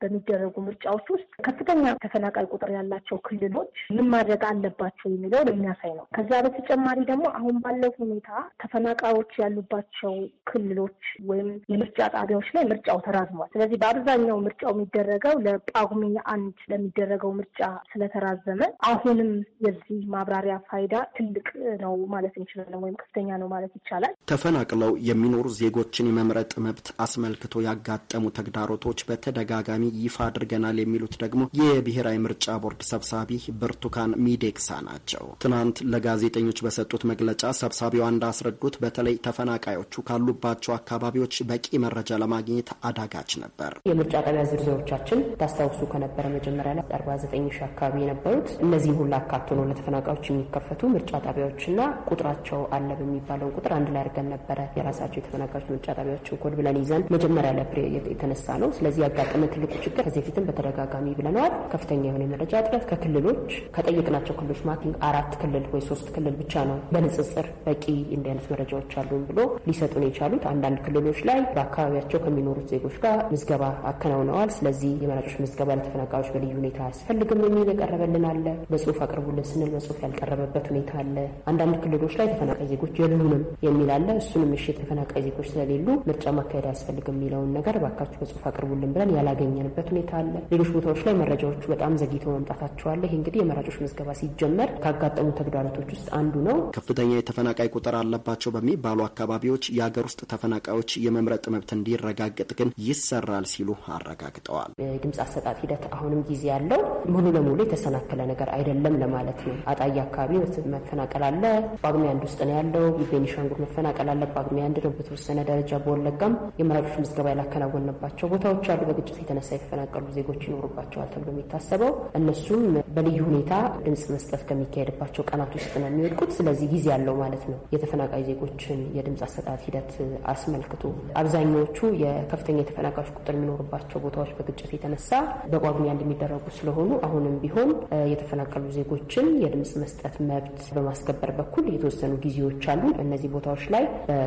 በሚደረጉ ምርጫዎች ውስጥ ከፍተኛ ተፈናቃይ ቁጥር ያላቸው ክልሎች ምን ማድረግ አለባቸው የሚለውን የሚያሳይ ነው። ከዛ በተጨማሪ ደግሞ አሁን ባለው ሁኔታ ተፈናቃዮች ያሉባቸው ክልሎች ወይም የምርጫ ጣቢያዎች ላይ ምርጫው ተራዝሟል። ስለዚህ በአብዛኛው ምርጫው የሚደረገው ለጳጉሜ አንድ ለሚደረገው ምርጫ ስለተራዘመ አሁንም የዚህ ማብራሪያ ፋይዳ ትልቅ ነው ማለት እንችላለን ወይም ከፍተኛ ነው ማለት ይቻላል። ተፈናቅለው የሚኖሩ ዜጎችን የመምረጥ መብት አስመልክቶ ያጋጠሙ ተግዳሮቶች በተደጋጋሚ ይፋ አድርገናል የሚሉት ደግሞ የብሔራዊ ምርጫ ቦርድ ሰብሳቢ ብርቱካን ሚዴክሳ ናቸው። ትናንት ለጋዜጠኞች በሰጡት መግለጫ ሰብሳቢዋ እንዳስረዱት በተለይ ተፈናቃዮቹ ካሉባቸው አካባቢዎች በቂ መረጃ ለማግኘት አዳጋች ነበር። የምርጫ ጣቢያ ዝርዝሮቻችን ታስታውሱ ከነበረ መጀመሪያ ላይ 49 ሺህ አካባቢ የነበሩት እነዚህ ሁላ አካቶ ነው ለተፈናቃዮች የሚከፈቱ ምርጫ ጣቢያዎችና ቁጥራቸው አለ በሚባለው ቁጥር አንድ ላይ አድርገን ነበረ የራሳቸው የተፈናቃዮች ምርጫ ጣቢያዎችን ኮድ ብለን ይዘን መጀመሪያ ለፍሬ የተነሳ ነው። ስለዚህ ያጋጠመ ትልቁ ችግር ከዚህ ፊትም በተደጋጋሚ ብለነዋል። ከፍተኛ የሆነ የመረጃ እጥረት ከክልሎች ከጠየቅናቸው ክልሎች ማ አራት ክልል ወይ ሶስት ክልል ብቻ ነው በንጽጽር በቂ እንዲህ አይነት መረጃዎች አሉን ብሎ ሊሰጡን የቻሉት። አንዳንድ ክልሎች ላይ በአካባቢያቸው ከሚኖሩት ዜጎች ጋር ምዝገባ አከናውነዋል። ስለዚህ የመራጮች ምዝገባ ለተፈናቃዮች በልዩ ሁኔታ አያስፈልግም የሚል የቀረበልን አለ። በጽሁፍ አቅርቡልን ስንል በጽሁፍ ያልቀረበበት ሁኔታ ሁኔታ አለ። አንዳንድ ክልሎች ላይ ተፈናቃይ ዜጎች የሉንም የሚል አለ። እሱንም እሺ የተፈናቃይ ዜጎች ስለሌሉ ምርጫ ማካሄድ አያስፈልግም የሚለውን ነገር ባካችሁ በጽሁፍ አቅርቡልን ብለን ያላገኘንበት ሁኔታ አለ። ሌሎች ቦታዎች ላይ መረጃዎቹ በጣም ዘግተው መምጣታቸው አለ። ይህ እንግዲህ የመራጮች ምዝገባ ሲጀመር ካጋጠሙ ተግዳሮቶች ውስጥ አንዱ ነው። ከፍተኛ የተፈናቃይ ቁጥር አለባቸው በሚባሉ አካባቢዎች የሀገር ውስጥ ተፈናቃዮች የመምረጥ መብት እንዲረጋገጥ ግን ይሰራል ሲሉ አረጋግጠዋል። የድምፅ አሰጣጥ ሂደት አሁንም ጊዜ ያለው ሙሉ ለሙሉ የተሰናከለ ነገር አይደለም ለማለት ነው። አጣዬ አካባቢ መፈናቀል አለ። ጳጉሜ አንድ ውስጥ ነው ያለው። ቤኒሻንጉል መፈናቀል አለ ጳጉሜ አንድ ነው። በተወሰነ ደረጃ በወለጋም የመራጮች ምዝገባ ያላከናወንባቸው ቦታዎች አሉ። በግጭት የተነሳ የተፈናቀሉ ዜጎች ይኖሩባቸዋል ተብሎ የሚታሰበው እነሱም በልዩ ሁኔታ ድምፅ መስጠት ከሚካሄድባቸው ቀናት ውስጥ ነው የሚወድቁት። ስለዚህ ጊዜ ያለው ማለት ነው የተፈናቃይ ዜጎችን የድምፅ አሰጣት ሂደት አስመልክቶ አብዛኛዎቹ የከፍተኛ የተፈናቃዮች ቁጥር የሚኖርባቸው ቦታዎች በግጭት የተነሳ በጳጉሜ አንድ የሚደረጉ ስለሆኑ አሁንም ቢሆን የተፈናቀሉ ዜጎችን የድምፅ መስጠት መብት ሕግጋት በማስከበር በኩል የተወሰኑ ጊዜዎች አሉ። እነዚህ ቦታዎች ላይ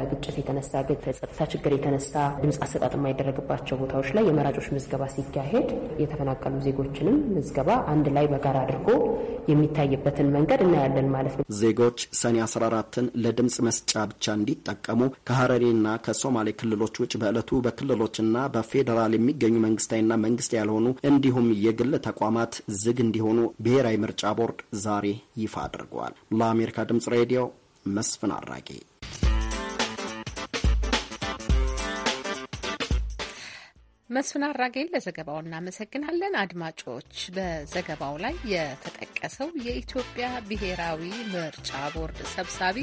በግጭት የተነሳ ጸጥታ ችግር የተነሳ ድምፅ አሰጣጥ የማይደረግባቸው ቦታዎች ላይ የመራጮች ምዝገባ ሲካሄድ የተፈናቀሉ ዜጎችንም ምዝገባ አንድ ላይ በጋራ አድርጎ የሚታይበትን መንገድ እናያለን ማለት ነው። ዜጎች ሰኔ 14ን ለድምፅ መስጫ ብቻ እንዲጠቀሙ ከሀረሪና ከሶማሌ ክልሎች ውጭ በዕለቱ በክልሎችና በፌዴራል የሚገኙ መንግስታዊና መንግስት ያልሆኑ እንዲሁም የግል ተቋማት ዝግ እንዲሆኑ ብሔራዊ ምርጫ ቦርድ ዛሬ ይፋ አድርጓል። ለአሜሪካ ድምፅ ሬዲዮ መስፍን አራጌ። መስፍን አራጌን ለዘገባው እናመሰግናለን። አድማጮች፣ በዘገባው ላይ የተጠቀሰው የኢትዮጵያ ብሔራዊ ምርጫ ቦርድ ሰብሳቢ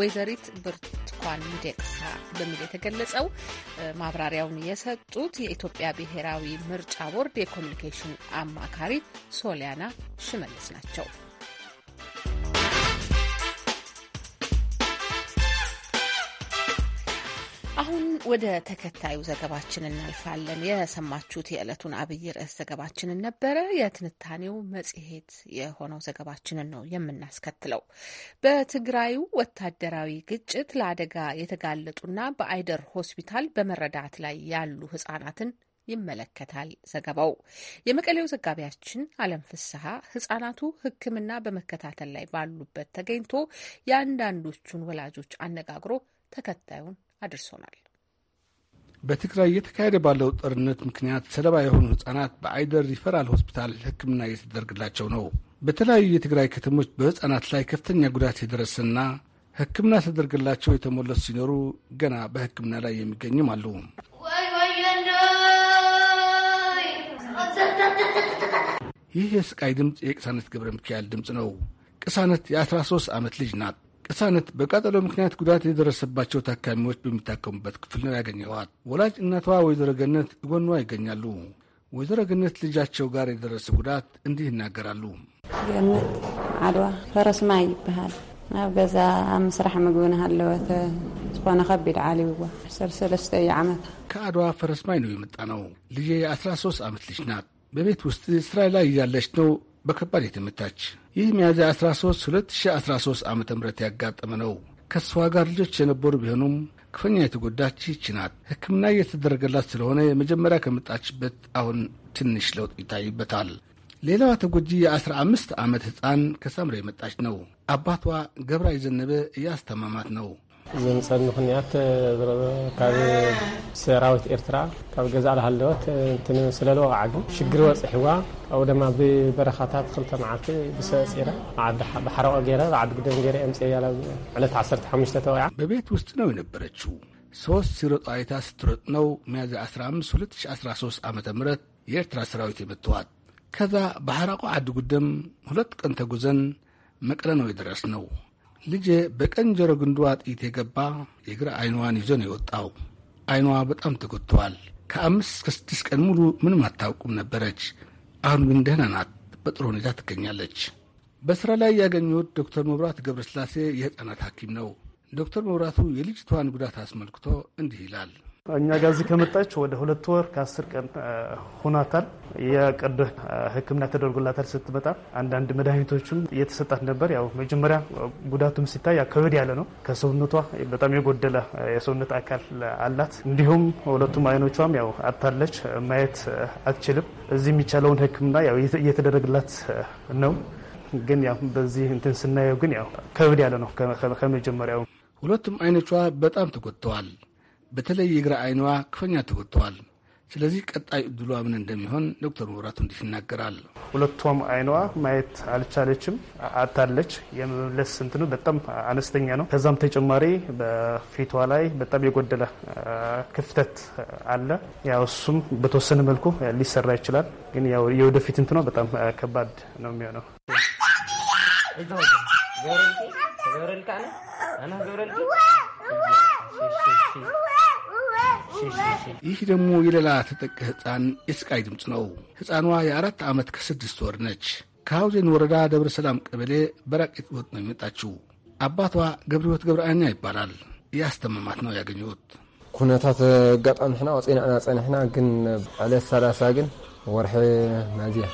ወይዘሪት ብርቱካን ሚደቅሳ በሚል የተገለጸው ማብራሪያውን የሰጡት የኢትዮጵያ ብሔራዊ ምርጫ ቦርድ የኮሚኒኬሽን አማካሪ ሶሊያና ሽመልስ ናቸው። አሁን ወደ ተከታዩ ዘገባችን እናልፋለን። የሰማችሁት የዕለቱን አብይ ርዕስ ዘገባችንን ነበረ። የትንታኔው መጽሔት የሆነው ዘገባችንን ነው የምናስከትለው። በትግራዩ ወታደራዊ ግጭት ለአደጋ የተጋለጡና በአይደር ሆስፒታል በመረዳት ላይ ያሉ ህጻናትን ይመለከታል ዘገባው። የመቀሌው ዘጋቢያችን አለም ፍስሐ ህጻናቱ ሕክምና በመከታተል ላይ ባሉበት ተገኝቶ የአንዳንዶቹን ወላጆች አነጋግሮ ተከታዩን አድርሶናል። በትግራይ እየተካሄደ ባለው ጦርነት ምክንያት ሰለባ የሆኑ ህጻናት በአይደር ሪፈራል ሆስፒታል ሕክምና እየተደረገላቸው ነው። በተለያዩ የትግራይ ከተሞች በህጻናት ላይ ከፍተኛ ጉዳት የደረሰና ሕክምና ተደርግላቸው የተሞለሱ ሲኖሩ ገና በሕክምና ላይ የሚገኝም አሉ። ይህ የስቃይ ድምፅ የቅሳነት ገብረ ሚካኤል ድምፅ ነው። ቅሳነት የ13 ዓመት ልጅ ናት። በህፃነት በቃጠሎ ምክንያት ጉዳት የደረሰባቸው ታካሚዎች በሚታከሙበት ክፍል ነው ያገኘዋት። ወላጅ እናቷ ወይዘሮ ገነት ጎኗ ይገኛሉ። ወይዘሮ ገነት ልጃቸው ጋር የደረሰ ጉዳት እንዲህ ይናገራሉ። ገነት አድዋ ፈረስማ ይበሃል ናብ ገዛ ኣብ ምስራሕ ምግቢ ንሃለወተ ዝኾነ ከቢድ ዓልይዋ ሰለስተ እዩ ዓመት ከኣድዋ ፈረስማይ ነው የመጣ ነው። ልጄ የ13 ዓመት ልጅ ናት። በቤት ውስጥ ስራ ላይ እያለች ነው በከባድ የተመታች። ይህ ሚያዝያ 13 2013 ዓ ም ያጋጠመ ነው። ከእሷ ጋር ልጆች የነበሩ ቢሆኑም ክፈኛ የተጎዳች ይቺ ናት። ሕክምና እየተደረገላት ስለሆነ የመጀመሪያ ከመጣችበት አሁን ትንሽ ለውጥ ይታይበታል። ሌላዋ ተጎጂ የ15 ዓመት ሕፃን ከሳምረ የመጣች ነው። አባቷ ገብራ የዘነበ እያስተማማት ነው። ዝምፀኒ ኩንያት ካብ ሰራዊት ኤርትራ ካብ ገዛ ዝሃለወት ስለለዎ ዓዲ ሽግሪ በፅሕዋ ካብኡ ድማ ብበረኻታት ክልተ መዓልቲ ብሰፂረ ብሓረቆ ገይረ ዓዲ ጉደን ገይረ ምፅያ ዕለት 15 ተወያ በቤት ውስጥ ነው የነበረችው። ሶስት ሲሮጣዊታ ስትሮጥ ነው ሚያዝያ 15 2013 ዓ ም የኤርትራ ሰራዊት የመትዋት። ከዛ በሐራቆ ዓዲ ጉደም ሁለት ቀን ተጉዘን መቀለ ነው የደረስ ልጄ በቀንጀሮ ግንዷ ጥይት የገባ የግራ አይኗን ይዞ ነው የወጣው። አይኗ በጣም ተጎድተዋል። ከአምስት ከስድስት ቀን ሙሉ ምንም አታውቁም ነበረች። አሁን ግን ደህና ናት፣ በጥሩ ሁኔታ ትገኛለች። በስራ ላይ ያገኘሁት ዶክተር መብራት ገብረስላሴ የህፃናት ሐኪም ነው። ዶክተር መብራቱ የልጅቷን ጉዳት አስመልክቶ እንዲህ ይላል። እኛ ጋር እዚህ ከመጣች ወደ ሁለት ወር ከአስር ቀን ሆኗታል። የቀዶ ሕክምና ተደርጎላታል ስትመጣ አንዳንድ መድኃኒቶችም እየተሰጣት ነበር። ያው መጀመሪያ ጉዳቱም ሲታይ ከበድ ያለ ነው። ከሰውነቷ በጣም የጎደለ የሰውነት አካል አላት። እንዲሁም ሁለቱም አይኖቿም ያው አታለች፣ ማየት አትችልም። እዚህ የሚቻለውን ሕክምና ያው እየተደረገላት ነው። ግን ያው በዚህ እንትን ስናየው ግን ያው ከበድ ያለ ነው ከመጀመሪያው። ሁለቱም አይኖቿ በጣም ተጎድተዋል። በተለይ የግራ አይኗ ክፈኛ ተጎድተዋል። ስለዚህ ቀጣይ እድሏ ምን እንደሚሆን ዶክተር መብራቱ እንዲህ ይናገራል። ሁለቱም አይኗ ማየት አልቻለችም፣ አታለች። የመመለስ እንትኑ በጣም አነስተኛ ነው። ከዛም ተጨማሪ በፊቷ ላይ በጣም የጎደለ ክፍተት አለ። ያው እሱም በተወሰነ መልኩ ሊሰራ ይችላል፣ ግን የወደፊት እንትኗ በጣም ከባድ ነው የሚሆነው። ገብረልቃ ገብረልቃ ይህ ደግሞ የሌላ ተጠቂ ሕፃን የስቃይ ድምፅ ነው። ሕፃኗ የአራት ዓመት ከስድስት ወር ነች። ከሐውዜን ወረዳ ደብረ ሰላም ቀበሌ በራቄት ወጥ ነው የመጣችው። አባቷ ገብረ ሕይወት ገብረአኛ ይባላል። እያስተመማት ነው ያገኘሁት ኩነታት ጋጣምሕና ሕና ወፂናዕና ፀኒሕና ግን ዕለት ሰላሳ ግን ወርሒ መያዝያ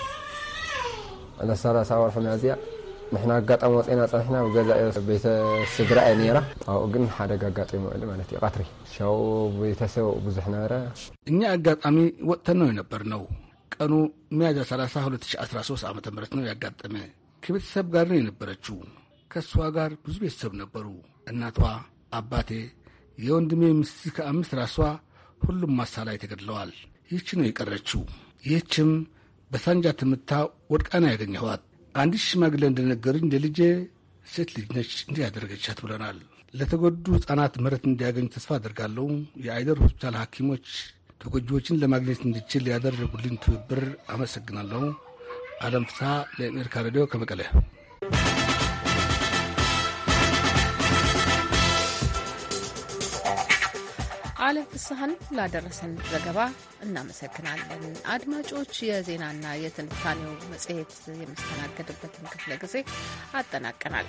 ዕለት ሰላሳ ወርሒ መያዝያ ንሕና ኣጋጣሚ ወፅና ፀኒሕና ገዛ ቤተ ስድራ እየ ነራ ኣብኡ ግን ሓደጋ ኣጋጢሙ ውዕሊ ማለት እዩ ቀትሪ ሻው ቤተሰብ ብዙሕ ነበረ እኛ ኣጋጣሚ ወጥተናው ይነበር ቀኑ ሚያዝያ 30 2013 ዓ ም ነው ያጋጠመ ከቤተሰብ ጋር ነው የነበረችው ከእሷ ጋር ብዙ ቤተሰብ ነበሩ እናቷ አባቴ የወንድሜ ምስቲ ከአምስት ራሷ ሁሉም ማሳላይ ተገድለዋል ይህች ነው የቀረችው ይህችም በሳንጃ ትምታ ወድቃና ያገኘኋት አንድ ሽማግሌ እንደነገሩኝ ለልጄ ሴት ልጅ ነች እንዲህ ያደረገቻት ብለናል። ለተጎዱ ህጻናት ምሕረት እንዲያገኙ ተስፋ አደርጋለሁ። የአይደር ሆስፒታል ሐኪሞች ተጎጂዎችን ለማግኘት እንድችል ያደረጉልኝ ትብብር አመሰግናለሁ። አለም ፍስሐ ለአሜሪካ ሬዲዮ ከመቀለያ። አለ ፍስሐን ላደረሰን ዘገባ እናመሰግናለን። አድማጮች፣ የዜናና የትንታኔው መጽሔት የሚስተናገድበትን ክፍለ ጊዜ አጠናቀናል።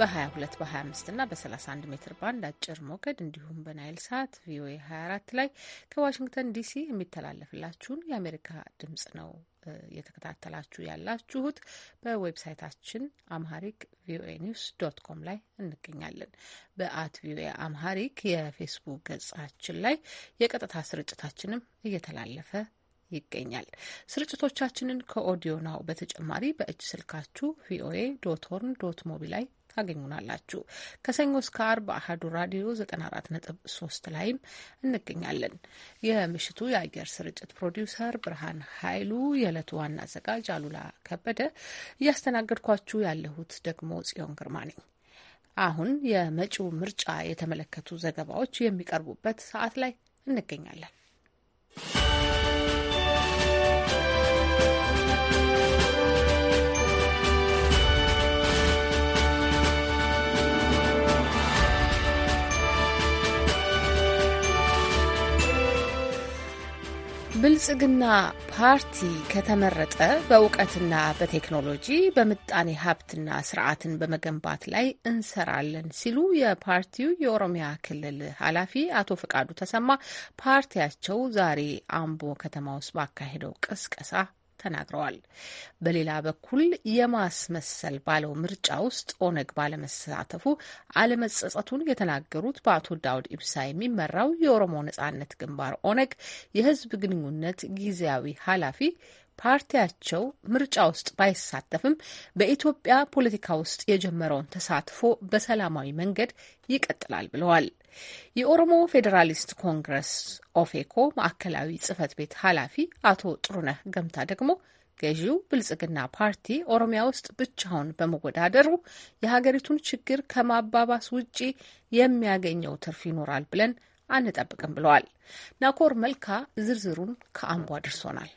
በ22 በ25 እና በ31 ሜትር ባንድ አጭር ሞገድ እንዲሁም በናይል ሳት ቪኦኤ 24 ላይ ከዋሽንግተን ዲሲ የሚተላለፍላችሁን የአሜሪካ ድምጽ ነው እየተከታተላችሁ ያላችሁት በዌብሳይታችን አምሃሪክ ቪኦኤ ኒውስ ዶት ኮም ላይ እንገኛለን። በአት ቪኦኤ አምሃሪክ የፌስቡክ ገጻችን ላይ የቀጥታ ስርጭታችንም እየተላለፈ ይገኛል። ስርጭቶቻችንን ከኦዲዮ ናው በተጨማሪ በእጅ ስልካችሁ ቪኦኤ ዶት ሆርን ዶት ሞቢ ላይ ታገኙናላችሁ። ከሰኞ እስከ አርብ አህዱ ራዲዮ 94.3 ላይም እንገኛለን። የምሽቱ የአየር ስርጭት ፕሮዲውሰር ብርሃን ኃይሉ፣ የዕለቱ ዋና አዘጋጅ አሉላ ከበደ፣ እያስተናገድኳችሁ ያለሁት ደግሞ ጽዮን ግርማ ነኝ። አሁን የመጪው ምርጫ የተመለከቱ ዘገባዎች የሚቀርቡበት ሰዓት ላይ እንገኛለን። ብልጽግና ፓርቲ ከተመረጠ በእውቀትና በቴክኖሎጂ በምጣኔ ሀብትና ስርዓትን በመገንባት ላይ እንሰራለን ሲሉ የፓርቲው የኦሮሚያ ክልል ኃላፊ አቶ ፈቃዱ ተሰማ ፓርቲያቸው ዛሬ አምቦ ከተማ ውስጥ ባካሄደው ቅስቀሳ ተናግረዋል። በሌላ በኩል የማስመሰል ባለው ምርጫ ውስጥ ኦነግ ባለመሳተፉ አለመጸጸቱን የተናገሩት በአቶ ዳውድ ኢብሳ የሚመራው የኦሮሞ ነጻነት ግንባር ኦነግ የህዝብ ግንኙነት ጊዜያዊ ኃላፊ ፓርቲያቸው ምርጫ ውስጥ ባይሳተፍም በኢትዮጵያ ፖለቲካ ውስጥ የጀመረውን ተሳትፎ በሰላማዊ መንገድ ይቀጥላል ብለዋል። የኦሮሞ ፌዴራሊስት ኮንግረስ ኦፌኮ ማዕከላዊ ጽህፈት ቤት ኃላፊ አቶ ጥሩነህ ገምታ ደግሞ ገዢው ብልጽግና ፓርቲ ኦሮሚያ ውስጥ ብቻውን በመወዳደሩ የሀገሪቱን ችግር ከማባባስ ውጪ የሚያገኘው ትርፍ ይኖራል ብለን አንጠብቅም ብለዋል። ናኮር መልካ ዝርዝሩን ከአምቦ አድርሶናል።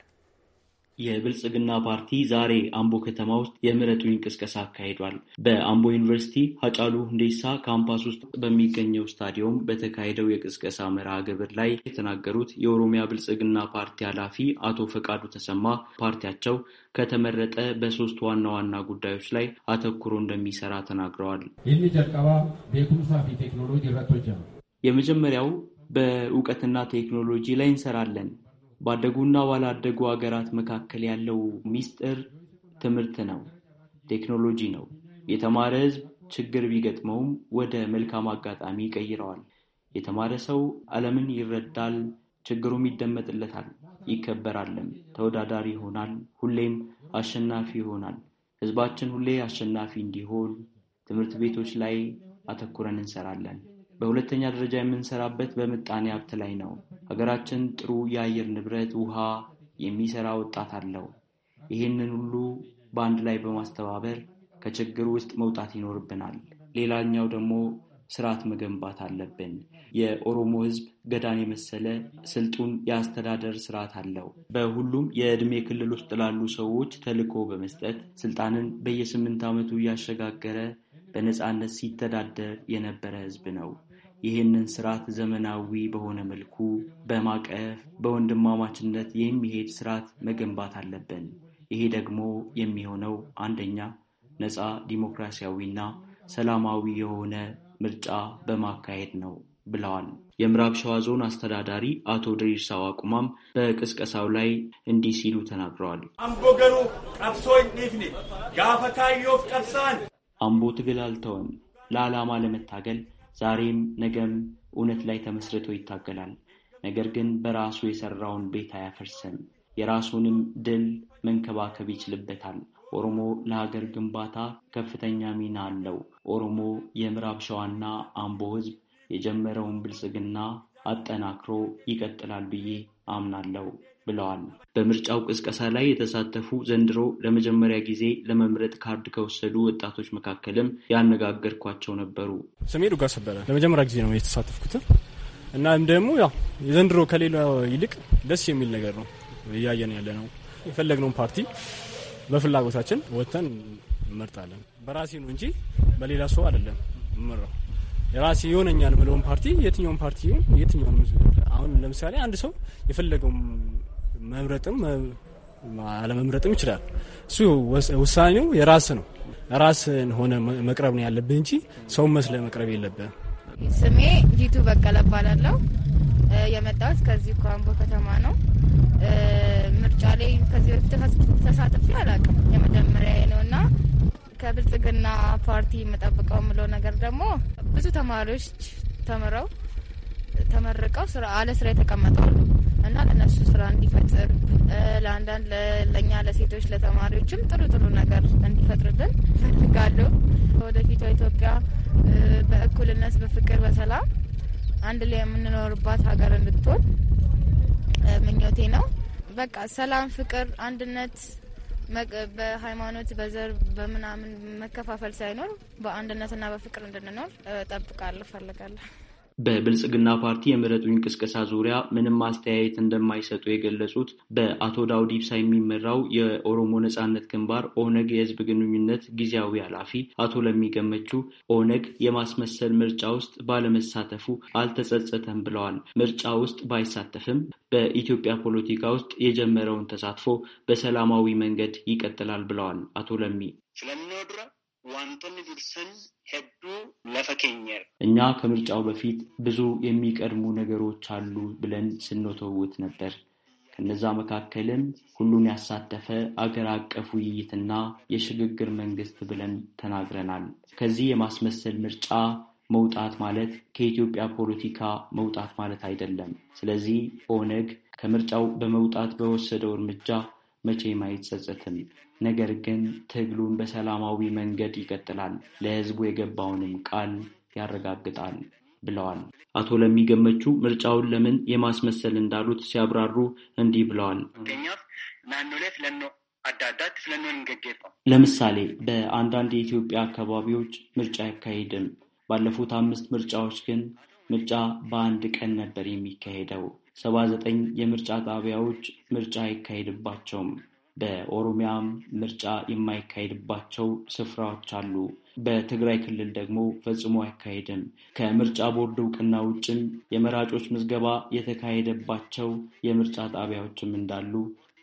የብልጽግና ፓርቲ ዛሬ አምቦ ከተማ ውስጥ የምረጡኝ ቅስቀሳ አካሂዷል። በአምቦ ዩኒቨርሲቲ ሀጫሉ ሁንዴሳ ካምፓስ ውስጥ በሚገኘው ስታዲየም በተካሄደው የቅስቀሳ መርሃ ግብር ላይ የተናገሩት የኦሮሚያ ብልጽግና ፓርቲ ኃላፊ አቶ ፈቃዱ ተሰማ ፓርቲያቸው ከተመረጠ በሶስት ዋና ዋና ጉዳዮች ላይ አተኩሮ እንደሚሰራ ተናግረዋል። የመጀመሪያው በእውቀትና ቴክኖሎጂ ላይ እንሰራለን። ባደጉና ባላደጉ ሀገራት መካከል ያለው ሚስጥር ትምህርት ነው፣ ቴክኖሎጂ ነው። የተማረ ህዝብ ችግር ቢገጥመውም ወደ መልካም አጋጣሚ ይቀይረዋል። የተማረ ሰው ዓለምን ይረዳል፣ ችግሩም ይደመጥለታል፣ ይከበራልም፣ ተወዳዳሪ ይሆናል፣ ሁሌም አሸናፊ ይሆናል። ህዝባችን ሁሌ አሸናፊ እንዲሆን ትምህርት ቤቶች ላይ አተኩረን እንሰራለን። በሁለተኛ ደረጃ የምንሰራበት በምጣኔ ሀብት ላይ ነው። ሀገራችን ጥሩ የአየር ንብረት፣ ውሃ፣ የሚሰራ ወጣት አለው። ይህንን ሁሉ በአንድ ላይ በማስተባበር ከችግር ውስጥ መውጣት ይኖርብናል። ሌላኛው ደግሞ ስርዓት መገንባት አለብን። የኦሮሞ ሕዝብ ገዳን የመሰለ ስልጡን የአስተዳደር ስርዓት አለው። በሁሉም የዕድሜ ክልል ውስጥ ላሉ ሰዎች ተልዕኮ በመስጠት ስልጣንን በየስምንት ዓመቱ እያሸጋገረ በነፃነት ሲተዳደር የነበረ ሕዝብ ነው። ይህንን ስርዓት ዘመናዊ በሆነ መልኩ በማቀፍ በወንድማማችነት የሚሄድ ስርዓት መገንባት አለብን። ይሄ ደግሞ የሚሆነው አንደኛ ነፃ ዲሞክራሲያዊና ሰላማዊ የሆነ ምርጫ በማካሄድ ነው ብለዋል። የምዕራብ ሸዋ ዞን አስተዳዳሪ አቶ ድሪርሳ ዋቁማም በቅስቀሳው ላይ እንዲህ ሲሉ ተናግረዋል። አምቦገሩ ቀብሶ ኒፍኒ ጋፈካዮፍ ቀብሳን አምቦ ትግል አልተወን ለዓላማ ለመታገል ዛሬም ነገም እውነት ላይ ተመስርቶ ይታገላል። ነገር ግን በራሱ የሠራውን ቤት አያፈርስም። የራሱንም ድል መንከባከብ ይችልበታል። ኦሮሞ ለሀገር ግንባታ ከፍተኛ ሚና አለው። ኦሮሞ የምዕራብ ሸዋና አምቦ ሕዝብ የጀመረውን ብልጽግና አጠናክሮ ይቀጥላል ብዬ አምናለሁ። ብለዋል። በምርጫው ቅስቀሳ ላይ የተሳተፉ ዘንድሮ ለመጀመሪያ ጊዜ ለመምረጥ ካርድ ከወሰዱ ወጣቶች መካከልም ያነጋገርኳቸው ነበሩ። ስሜ ዱጋ ሰበረ ለመጀመሪያ ጊዜ ነው የተሳተፍኩት እና ደግሞ ያው የዘንድሮ ይልቅ ደስ የሚል ነገር ነው እያየን ያለ ነው። የፈለግነውን ፓርቲ በፍላጎታችን ወጥተን እንመርጣለን። በራሴ ነው እንጂ በሌላ ሰው አይደለም ምራው የራሴ የሆነኛል ብለውን ፓርቲ የትኛውን ፓርቲ የትኛውን አሁን ለምሳሌ አንድ ሰው የፈለገው መምረጥም አለመምረጥም ይችላል። እሱ ውሳኔው የራስ ነው። ራስን ሆነ መቅረብ ነው ያለብህ እንጂ ሰውን መስለ መቅረብ የለብህም። ስሜ ጂቱ በቀለ እባላለሁ። የመጣሁት ከዚህ ከአምቦ ከተማ ነው። ምርጫ ላይ ከዚህ በፊት ተሳትፌ አላውቅም፣ የመጀመሪያ ነው እና ከብልጽግና ፓርቲ የምጠብቀው የምለው ነገር ደግሞ ብዙ ተማሪዎች ተምረው ተመርቀው ስራ አለ ስራ ነው። እና ለእነሱ ስራ እንዲፈጥር ለአንዳንድ ለእኛ ለሴቶች ለተማሪዎችም ጥሩ ጥሩ ነገር እንዲፈጥርልን ፈልጋለሁ። ወደፊቷ ኢትዮጵያ በእኩልነት፣ በፍቅር፣ በሰላም አንድ ላይ የምንኖርባት ሀገር እንድትሆን ምኞቴ ነው። በቃ ሰላም፣ ፍቅር፣ አንድነት በሃይማኖት በዘር በምናምን መከፋፈል ሳይኖር በአንድነትና በፍቅር እንድንኖር ጠብቃለሁ፣ ፈልጋለሁ። በብልጽግና ፓርቲ የምረጡኝ ቅስቀሳ ዙሪያ ምንም አስተያየት እንደማይሰጡ የገለጹት በአቶ ዳውድ ኢብሳ የሚመራው የኦሮሞ ነጻነት ግንባር ኦነግ የህዝብ ግንኙነት ጊዜያዊ ኃላፊ አቶ ለሚገመቹ ኦነግ የማስመሰል ምርጫ ውስጥ ባለመሳተፉ አልተጸጸተም ብለዋል። ምርጫ ውስጥ ባይሳተፍም በኢትዮጵያ ፖለቲካ ውስጥ የጀመረውን ተሳትፎ በሰላማዊ መንገድ ይቀጥላል ብለዋል አቶ ለሚ ስለሚወድራ ዋንቶኒ ሄዱ ለፈኬኘር እኛ ከምርጫው በፊት ብዙ የሚቀድሙ ነገሮች አሉ ብለን ስንወተውት ነበር። ከነዛ መካከልም ሁሉን ያሳተፈ አገር አቀፍ ውይይትና የሽግግር መንግስት ብለን ተናግረናል። ከዚህ የማስመሰል ምርጫ መውጣት ማለት ከኢትዮጵያ ፖለቲካ መውጣት ማለት አይደለም። ስለዚህ ኦነግ ከምርጫው በመውጣት በወሰደው እርምጃ መቼም አይጸጸትም። ነገር ግን ትግሉን በሰላማዊ መንገድ ይቀጥላል፣ ለህዝቡ የገባውንም ቃል ያረጋግጣል ብለዋል። አቶ ለሚገመቹ ምርጫውን ለምን የማስመሰል እንዳሉት ሲያብራሩ እንዲህ ብለዋል። ለምሳሌ በአንዳንድ የኢትዮጵያ አካባቢዎች ምርጫ አይካሄድም። ባለፉት አምስት ምርጫዎች ግን ምርጫ በአንድ ቀን ነበር የሚካሄደው። ሰባ የምርጫ ጣቢያዎች ምርጫ አይካሄድባቸውም። በኦሮሚያም ምርጫ የማይካሄድባቸው ስፍራዎች አሉ። በትግራይ ክልል ደግሞ ፈጽሞ አይካሄድም። ከምርጫ ቦርድ እውቅና ውጭም የመራጮች ምዝገባ የተካሄደባቸው የምርጫ ጣቢያዎችም እንዳሉ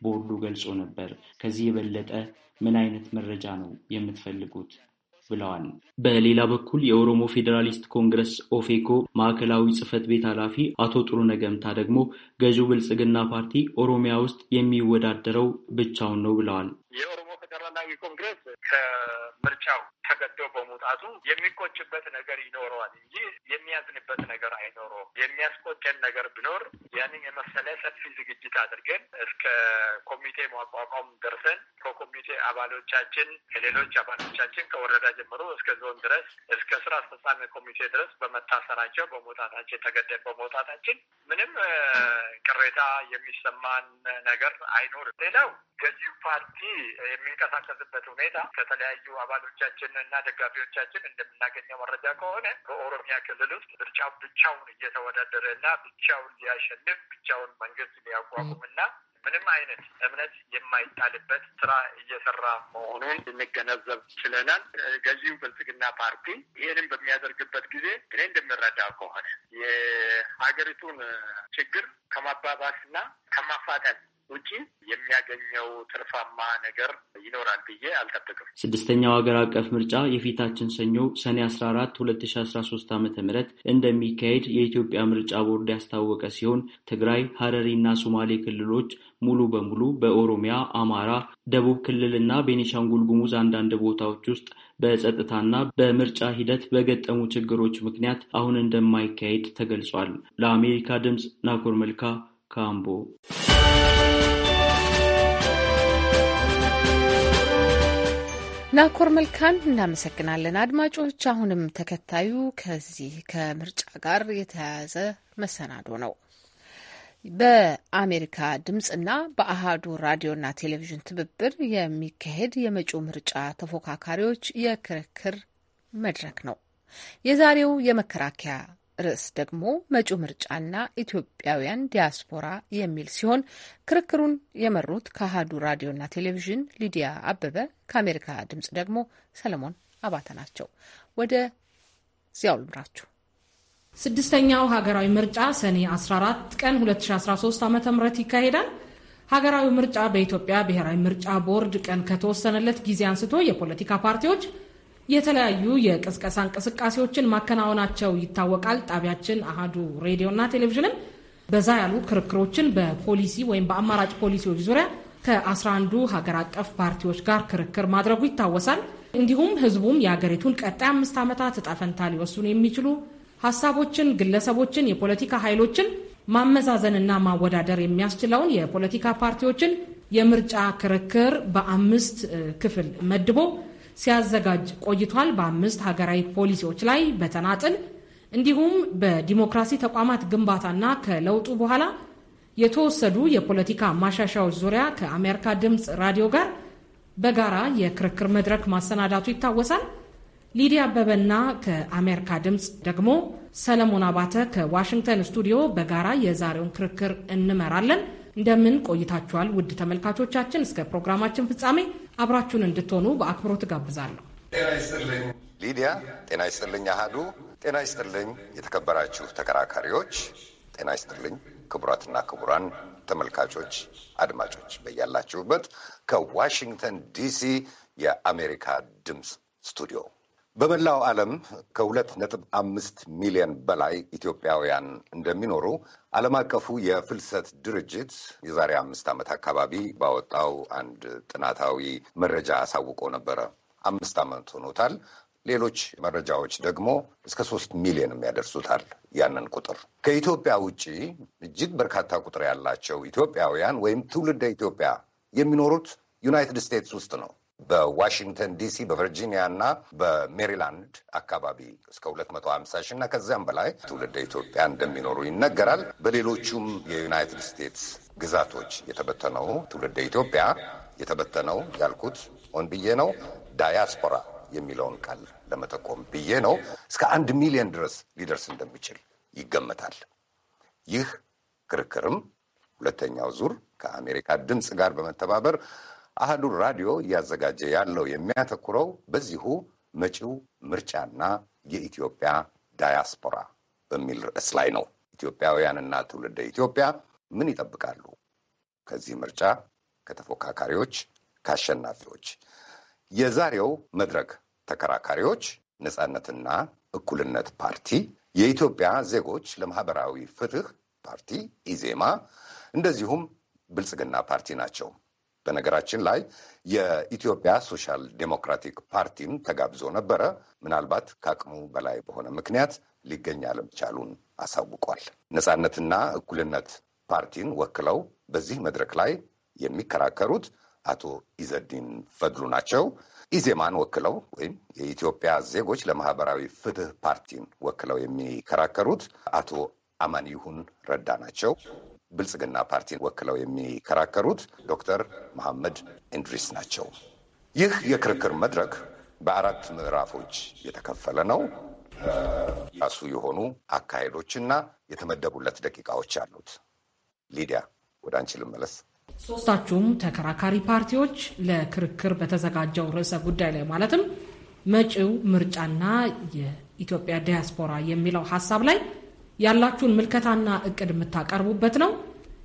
ቦርዱ ገልጾ ነበር። ከዚህ የበለጠ ምን አይነት መረጃ ነው የምትፈልጉት? ብለዋል። በሌላ በኩል የኦሮሞ ፌዴራሊስት ኮንግረስ ኦፌኮ ማዕከላዊ ጽህፈት ቤት ኃላፊ አቶ ጥሩ ነገምታ ደግሞ ገዢው ብልጽግና ፓርቲ ኦሮሚያ ውስጥ የሚወዳደረው ብቻውን ነው ብለዋል። የኦሮሞ ፌዴራላዊ ኮንግረስ ከምርጫው ተገደው በመውጣቱ የሚቆጭበት ነገር ይኖረዋል እንጂ የሚያዝንበት ነገር አይኖረውም። የሚያስቆጨን ነገር ቢኖር ያንን የመሰለ ሰፊ ዝግጅት አድርገን እስከ ኮሚቴ ማቋቋም ደርሰን ከኮሚቴ አባሎቻችን ከሌሎች አባሎቻችን ከወረዳ ጀምሮ እስከ ዞን ድረስ እስከ ስራ አስፈጻሚ ኮሚቴ ድረስ በመታሰራቸው በመውጣታቸው ተገደን በመውጣታችን ምንም ቅሬታ የሚሰማን ነገር አይኖርም። ሌላው ገዢው ፓርቲ የሚንቀሳቀስበት ሁኔታ ከተለያዩ አባሎቻችን እና ደጋፊዎቻችን እንደምናገኘው መረጃ ከሆነ በኦሮሚያ ክልል ውስጥ ምርጫው ብቻውን እየተወዳደረ እና ብቻውን ሊያሸንፍ ብቻውን መንግስት ሊያቋቁም እና ምንም አይነት እምነት የማይጣልበት ስራ እየሰራ መሆኑን ልንገነዘብ ችለናል። ገዢው ብልጽግና ፓርቲ ይህንም በሚያደርግበት ጊዜ እኔ እንደምረዳ ከሆነ የሀገሪቱን ችግር ከማባባስና ከማፋጠን ውጪ የሚያገኘው ትርፋማ ነገር ይኖራል ብዬ አልጠብቅም። ስድስተኛው ሀገር አቀፍ ምርጫ የፊታችን ሰኞ ሰኔ አስራ አራት ሁለት ሺ አስራ ሶስት እንደሚካሄድ የኢትዮጵያ ምርጫ ቦርድ ያስታወቀ ሲሆን ትግራይ፣ ሀረሪና ሶማሌ ክልሎች ሙሉ በሙሉ በኦሮሚያ፣ አማራ፣ ደቡብ ክልልና ቤኒሻንጉል ጉሙዝ አንዳንድ ቦታዎች ውስጥ በጸጥታና በምርጫ ሂደት በገጠሙ ችግሮች ምክንያት አሁን እንደማይካሄድ ተገልጿል። ለአሜሪካ ድምፅ ናኮር መልካ ካምቦ ናኮር መልካን እናመሰግናለን። አድማጮች፣ አሁንም ተከታዩ ከዚህ ከምርጫ ጋር የተያያዘ መሰናዶ ነው። በአሜሪካ ድምፅና በአሃዱ ራዲዮና ቴሌቪዥን ትብብር የሚካሄድ የመጪው ምርጫ ተፎካካሪዎች የክርክር መድረክ ነው። የዛሬው የመከራከያ ርዕስ ደግሞ መጪው ምርጫና ኢትዮጵያውያን ዲያስፖራ የሚል ሲሆን ክርክሩን የመሩት ከአሀዱ ራዲዮና ቴሌቪዥን ሊዲያ አበበ ከአሜሪካ ድምጽ ደግሞ ሰለሞን አባተ ናቸው። ወደ ዚያው ልምራችሁ። ስድስተኛው ሀገራዊ ምርጫ ሰኔ 14 ቀን 2013 ዓ ም ይካሄዳል። ሀገራዊ ምርጫ በኢትዮጵያ ብሔራዊ ምርጫ ቦርድ ቀን ከተወሰነለት ጊዜ አንስቶ የፖለቲካ ፓርቲዎች የተለያዩ የቅስቀሳ እንቅስቃሴዎችን ማከናወናቸው ይታወቃል። ጣቢያችን አሃዱ ሬዲዮና ቴሌቪዥንም በዛ ያሉ ክርክሮችን በፖሊሲ ወይም በአማራጭ ፖሊሲዎች ዙሪያ ከአስራ አንዱ ሀገር አቀፍ ፓርቲዎች ጋር ክርክር ማድረጉ ይታወሳል። እንዲሁም ህዝቡም የሀገሪቱን ቀጣይ አምስት ዓመታት እጣ ፈንታ ሊወስኑ የሚችሉ ሀሳቦችን፣ ግለሰቦችን፣ የፖለቲካ ኃይሎችን ማመዛዘንና ማወዳደር የሚያስችለውን የፖለቲካ ፓርቲዎችን የምርጫ ክርክር በአምስት ክፍል መድቦ ሲያዘጋጅ ቆይቷል። በአምስት ሀገራዊ ፖሊሲዎች ላይ በተናጥል እንዲሁም በዲሞክራሲ ተቋማት ግንባታና ከለውጡ በኋላ የተወሰዱ የፖለቲካ ማሻሻያዎች ዙሪያ ከአሜሪካ ድምፅ ራዲዮ ጋር በጋራ የክርክር መድረክ ማሰናዳቱ ይታወሳል። ሊዲያ አበበና ከአሜሪካ ድምፅ ደግሞ ሰለሞን አባተ ከዋሽንግተን ስቱዲዮ በጋራ የዛሬውን ክርክር እንመራለን። እንደምን ቆይታችኋል ውድ ተመልካቾቻችን። እስከ ፕሮግራማችን ፍጻሜ አብራችሁን እንድትሆኑ በአክብሮት ትጋብዛለሁ። ጤና ይስጥልኝ ሊዲያ። ጤና ይስጥልኝ አህዱ። ጤና ይስጥልኝ የተከበራችሁ ተከራካሪዎች። ጤና ይስጥልኝ ክቡራትና ክቡራን ተመልካቾች፣ አድማጮች በያላችሁበት ከዋሽንግተን ዲሲ የአሜሪካ ድምፅ ስቱዲዮ በመላው ዓለም ከሁለት ነጥብ አምስት ሚሊዮን በላይ ኢትዮጵያውያን እንደሚኖሩ ዓለም አቀፉ የፍልሰት ድርጅት የዛሬ አምስት ዓመት አካባቢ ባወጣው አንድ ጥናታዊ መረጃ አሳውቆ ነበረ። አምስት ዓመት ሆኖታል። ሌሎች መረጃዎች ደግሞ እስከ ሶስት ሚሊዮንም ያደርሱታል ያንን ቁጥር። ከኢትዮጵያ ውጭ እጅግ በርካታ ቁጥር ያላቸው ኢትዮጵያውያን ወይም ትውልደ ኢትዮጵያ የሚኖሩት ዩናይትድ ስቴትስ ውስጥ ነው። በዋሽንግተን ዲሲ፣ በቨርጂኒያ እና በሜሪላንድ አካባቢ እስከ 250 ሺህ እና ከዚያም በላይ ትውልደ ኢትዮጵያ እንደሚኖሩ ይነገራል። በሌሎቹም የዩናይትድ ስቴትስ ግዛቶች የተበተነው ትውልደ ኢትዮጵያ የተበተነው ያልኩት ሆን ብዬ ነው። ዳያስፖራ የሚለውን ቃል ለመጠቆም ብዬ ነው። እስከ አንድ ሚሊዮን ድረስ ሊደርስ እንደሚችል ይገመታል። ይህ ክርክርም ሁለተኛው ዙር ከአሜሪካ ድምፅ ጋር በመተባበር አህዱ ራዲዮ እያዘጋጀ ያለው የሚያተኩረው በዚሁ መጪው ምርጫና የኢትዮጵያ ዳያስፖራ በሚል ርዕስ ላይ ነው። ኢትዮጵያውያንና ትውልደ ኢትዮጵያ ምን ይጠብቃሉ ከዚህ ምርጫ፣ ከተፎካካሪዎች፣ ከአሸናፊዎች? የዛሬው መድረክ ተከራካሪዎች ነፃነትና እኩልነት ፓርቲ፣ የኢትዮጵያ ዜጎች ለማህበራዊ ፍትህ ፓርቲ ኢዜማ፣ እንደዚሁም ብልጽግና ፓርቲ ናቸው። በነገራችን ላይ የኢትዮጵያ ሶሻል ዴሞክራቲክ ፓርቲም ተጋብዞ ነበረ። ምናልባት ከአቅሙ በላይ በሆነ ምክንያት ሊገኝ አለመቻሉን አሳውቋል። ነፃነትና እኩልነት ፓርቲን ወክለው በዚህ መድረክ ላይ የሚከራከሩት አቶ ኢዘዲን ፈድሉ ናቸው። ኢዜማን ወክለው ወይም የኢትዮጵያ ዜጎች ለማህበራዊ ፍትህ ፓርቲን ወክለው የሚከራከሩት አቶ አማንይሁን ረዳ ናቸው። ብልጽግና ፓርቲን ወክለው የሚከራከሩት ዶክተር መሐመድ እንድሪስ ናቸው። ይህ የክርክር መድረክ በአራት ምዕራፎች የተከፈለ ነው። የራሱ የሆኑ አካሄዶችና የተመደቡለት ደቂቃዎች አሉት። ሊዲያ ወደ አንቺ ልመለስ። ሶስታችሁም ተከራካሪ ፓርቲዎች ለክርክር በተዘጋጀው ርዕሰ ጉዳይ ላይ ማለትም መጪው ምርጫና የኢትዮጵያ ዲያስፖራ የሚለው ሀሳብ ላይ ያላችሁን ምልከታና እቅድ የምታቀርቡበት ነው።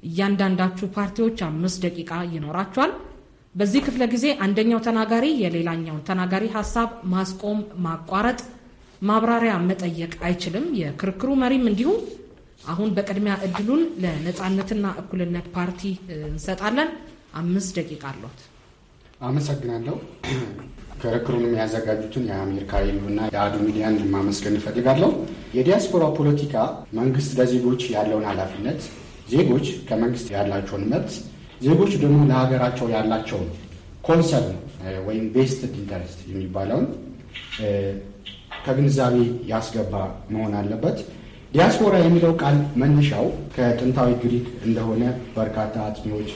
እያንዳንዳችሁ ፓርቲዎች አምስት ደቂቃ ይኖራችኋል። በዚህ ክፍለ ጊዜ አንደኛው ተናጋሪ የሌላኛውን ተናጋሪ ሀሳብ ማስቆም፣ ማቋረጥ፣ ማብራሪያ መጠየቅ አይችልም። የክርክሩ መሪም እንዲሁም። አሁን በቅድሚያ እድሉን ለነጻነትና እኩልነት ፓርቲ እንሰጣለን። አምስት ደቂቃ አለዎት። አመሰግናለሁ። ክርክሩን የሚያዘጋጁትን የአሜሪካ ሉና የአዱ ሚዲያን ማመስገን እፈልጋለሁ። የዲያስፖራ ፖለቲካ መንግስት ለዜጎች ያለውን ኃላፊነት፣ ዜጎች ከመንግስት ያላቸውን መብት፣ ዜጎች ደግሞ ለሀገራቸው ያላቸውን ኮንሰርን ወይም ቤስትድ ኢንተረስት የሚባለውን ከግንዛቤ ያስገባ መሆን አለበት። ዲያስፖራ የሚለው ቃል መነሻው ከጥንታዊ ግሪክ እንደሆነ በርካታ አጥኚዎች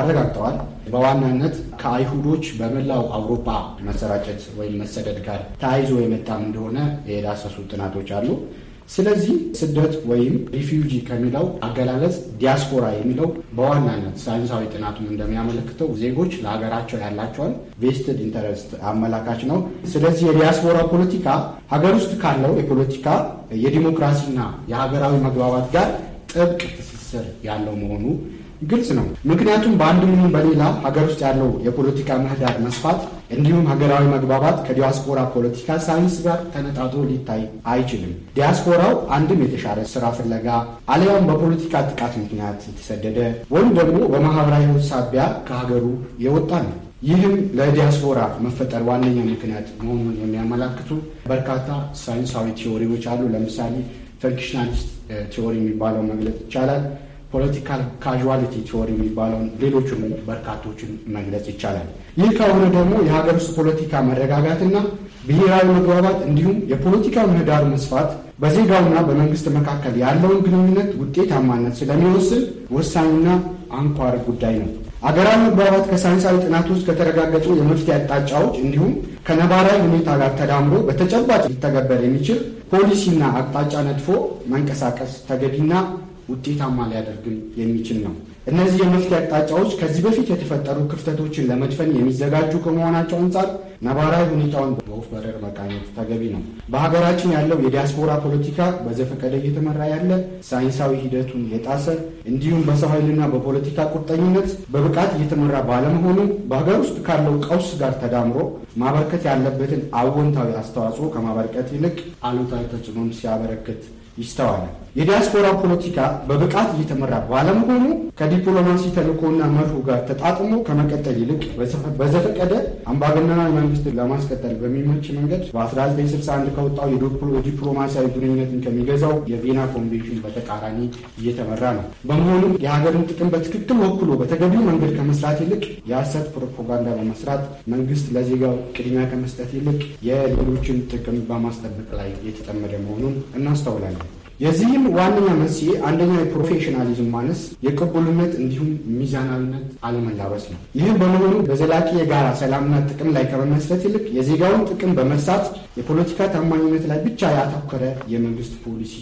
አረጋግጠዋል። በዋናነት ከአይሁዶች በመላው አውሮፓ መሰራጨት ወይም መሰደድ ጋር ተያይዞ የመጣም እንደሆነ የዳሰሱ ጥናቶች አሉ። ስለዚህ ስደት ወይም ሪፊውጂ ከሚለው አገላለጽ ዲያስፖራ የሚለው በዋናነት ሳይንሳዊ ጥናቱም እንደሚያመለክተው ዜጎች ለሀገራቸው ያላቸውን ቬስትድ ኢንተረስት አመላካች ነው። ስለዚህ የዲያስፖራ ፖለቲካ ሀገር ውስጥ ካለው የፖለቲካ የዲሞክራሲና የሀገራዊ መግባባት ጋር ጥብቅ ትስስር ያለው መሆኑ ግልጽ ነው። ምክንያቱም በአንድም ይሁን በሌላ ሀገር ውስጥ ያለው የፖለቲካ ምህዳር መስፋት እንዲሁም ሀገራዊ መግባባት ከዲያስፖራ ፖለቲካ ሳይንስ ጋር ተነጣጥሮ ሊታይ አይችልም። ዲያስፖራው አንድም የተሻለ ስራ ፍለጋ አሊያም በፖለቲካ ጥቃት ምክንያት የተሰደደ ወይም ደግሞ በማህበራዊ ህይወት ሳቢያ ከሀገሩ የወጣ ነው። ይህም ለዲያስፖራ መፈጠር ዋነኛ ምክንያት መሆኑን የሚያመላክቱ በርካታ ሳይንሳዊ ቲዎሪዎች አሉ። ለምሳሌ ተርኪሽናሊስት ቲዎሪ የሚባለው መግለጽ ይቻላል። ፖለቲካል ካዥዋሊቲ ቲዎሪ የሚባለውን ሌሎቹን በርካቶችን መግለጽ ይቻላል። ይህ ከሆነ ደግሞ የሀገር ውስጥ ፖለቲካ መረጋጋትና ብሔራዊ መግባባት እንዲሁም የፖለቲካ ምህዳር መስፋት በዜጋውና በመንግስት መካከል ያለውን ግንኙነት ውጤታማነት ስለሚወስን ወሳኝና አንኳር ጉዳይ ነው። አገራዊ መግባባት ከሳይንሳዊ ውስጥ ከተረጋገጡ የመፍትሄ አቅጣጫዎች እንዲሁም ከነባራዊ ሁኔታ ጋር ተዳምሮ በተጨባጭ ሊተገበር የሚችል ፖሊሲና አቅጣጫ ነድፎ መንቀሳቀስ ተገቢና ውጤታማ ሊያደርግን የሚችል ነው። እነዚህ የመፍትሄ አቅጣጫዎች ከዚህ በፊት የተፈጠሩ ክፍተቶችን ለመድፈን የሚዘጋጁ ከመሆናቸው አንጻር ነባራዊ ሁኔታውን በወፍ በረር መቃኘት ተገቢ ነው። በሀገራችን ያለው የዲያስፖራ ፖለቲካ በዘፈቀደ እየተመራ ያለ ሳይንሳዊ ሂደቱን የጣሰ እንዲሁም በሰው ኃይልና በፖለቲካ ቁርጠኝነት በብቃት እየተመራ ባለመሆኑ በሀገር ውስጥ ካለው ቀውስ ጋር ተዳምሮ ማበርከት ያለበትን አዎንታዊ አስተዋጽኦ ከማበርከት ይልቅ አሉታዊ ተጽዕኖም ሲያበረክት ይስተዋላል። የዲያስፖራ ፖለቲካ በብቃት እየተመራ ባለመሆኑ ከዲፕሎማሲ ተልእኮና መርሁ ጋር ተጣጥሞ ከመቀጠል ይልቅ በዘፈቀደ አምባገነናዊ መንግስት ለማስቀጠል በሚመች መንገድ በ1961 ከወጣው የዲፕሎማሲያዊ ግንኙነትን ከሚገዛው የቪና ኮንቬንሽን በተቃራኒ እየተመራ ነው። በመሆኑም የሀገርን ጥቅም በትክክል ወክሎ በተገቢው መንገድ ከመስራት ይልቅ የሀሰት ፕሮፓጋንዳ በመስራት መንግስት ለዜጋው ቅድሚያ ከመስጠት ይልቅ የሌሎችን ጥቅም በማስጠበቅ ላይ የተጠመደ መሆኑን እናስተውላለን። የዚህም ዋነኛ መንስኤ አንደኛ የፕሮፌሽናሊዝም ማነስ፣ የቅቡልነት እንዲሁም ሚዛናዊነት አለመላበስ ነው። ይህም በመሆኑ በዘላቂ የጋራ ሰላምና ጥቅም ላይ ከመመስረት ይልቅ የዜጋውን ጥቅም በመርሳት የፖለቲካ ታማኝነት ላይ ብቻ ያተኮረ የመንግስት ፖሊሲ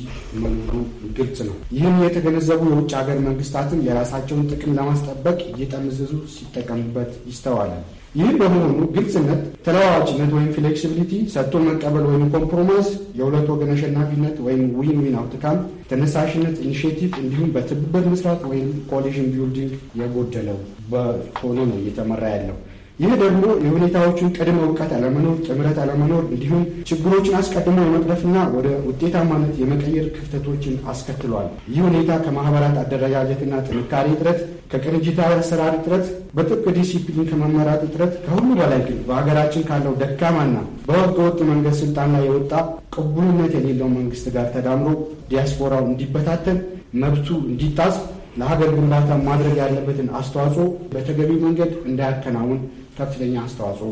መኖሩ ግልጽ ነው። ይህም የተገነዘቡ የውጭ ሀገር መንግስታትም የራሳቸውን ጥቅም ለማስጠበቅ እየጠመዘዙ ሲጠቀሙበት ይስተዋላል። ይህም በመሆኑ ግልጽነት፣ ተለዋዋጭነት ወይም ፍሌክሲቢሊቲ፣ ሰጥቶ መቀበል ወይም ኮምፕሮማይዝ፣ የሁለት ወገን አሸናፊነት ወይም ዊን ዊን አውትካም፣ ተነሳሽነት ኢኒሽቲቭ፣ እንዲሁም በትብብር መስራት ወይም ኮሊዥን ቢልዲንግ የጎደለው በሆኖ ነው እየተመራ ያለው። ይህ ደግሞ የሁኔታዎቹን ቅድመ እውቀት አለመኖር፣ ጥምረት አለመኖር እንዲሁም ችግሮችን አስቀድሞ የመቅረፍና ወደ ውጤታማነት የመቀየር ክፍተቶችን አስከትሏል። ይህ ሁኔታ ከማህበራት አደረጃጀትና ጥንካሬ እጥረት ከቅንጅታዊ አሰራር እጥረት፣ በጥብቅ ዲሲፕሊን ከመመራት እጥረት፣ ከሁሉ በላይ ግን በሀገራችን ካለው ደካማና በሕገ ወጥ መንገድ ስልጣን ላይ የወጣ ቅቡልነት የሌለው መንግስት ጋር ተዳምሮ ዲያስፖራው እንዲበታተን፣ መብቱ እንዲጣስ፣ ለሀገር ግንባታ ማድረግ ያለበትን አስተዋጽኦ በተገቢ መንገድ እንዳያከናውን ከፍተኛ አስተዋጽኦ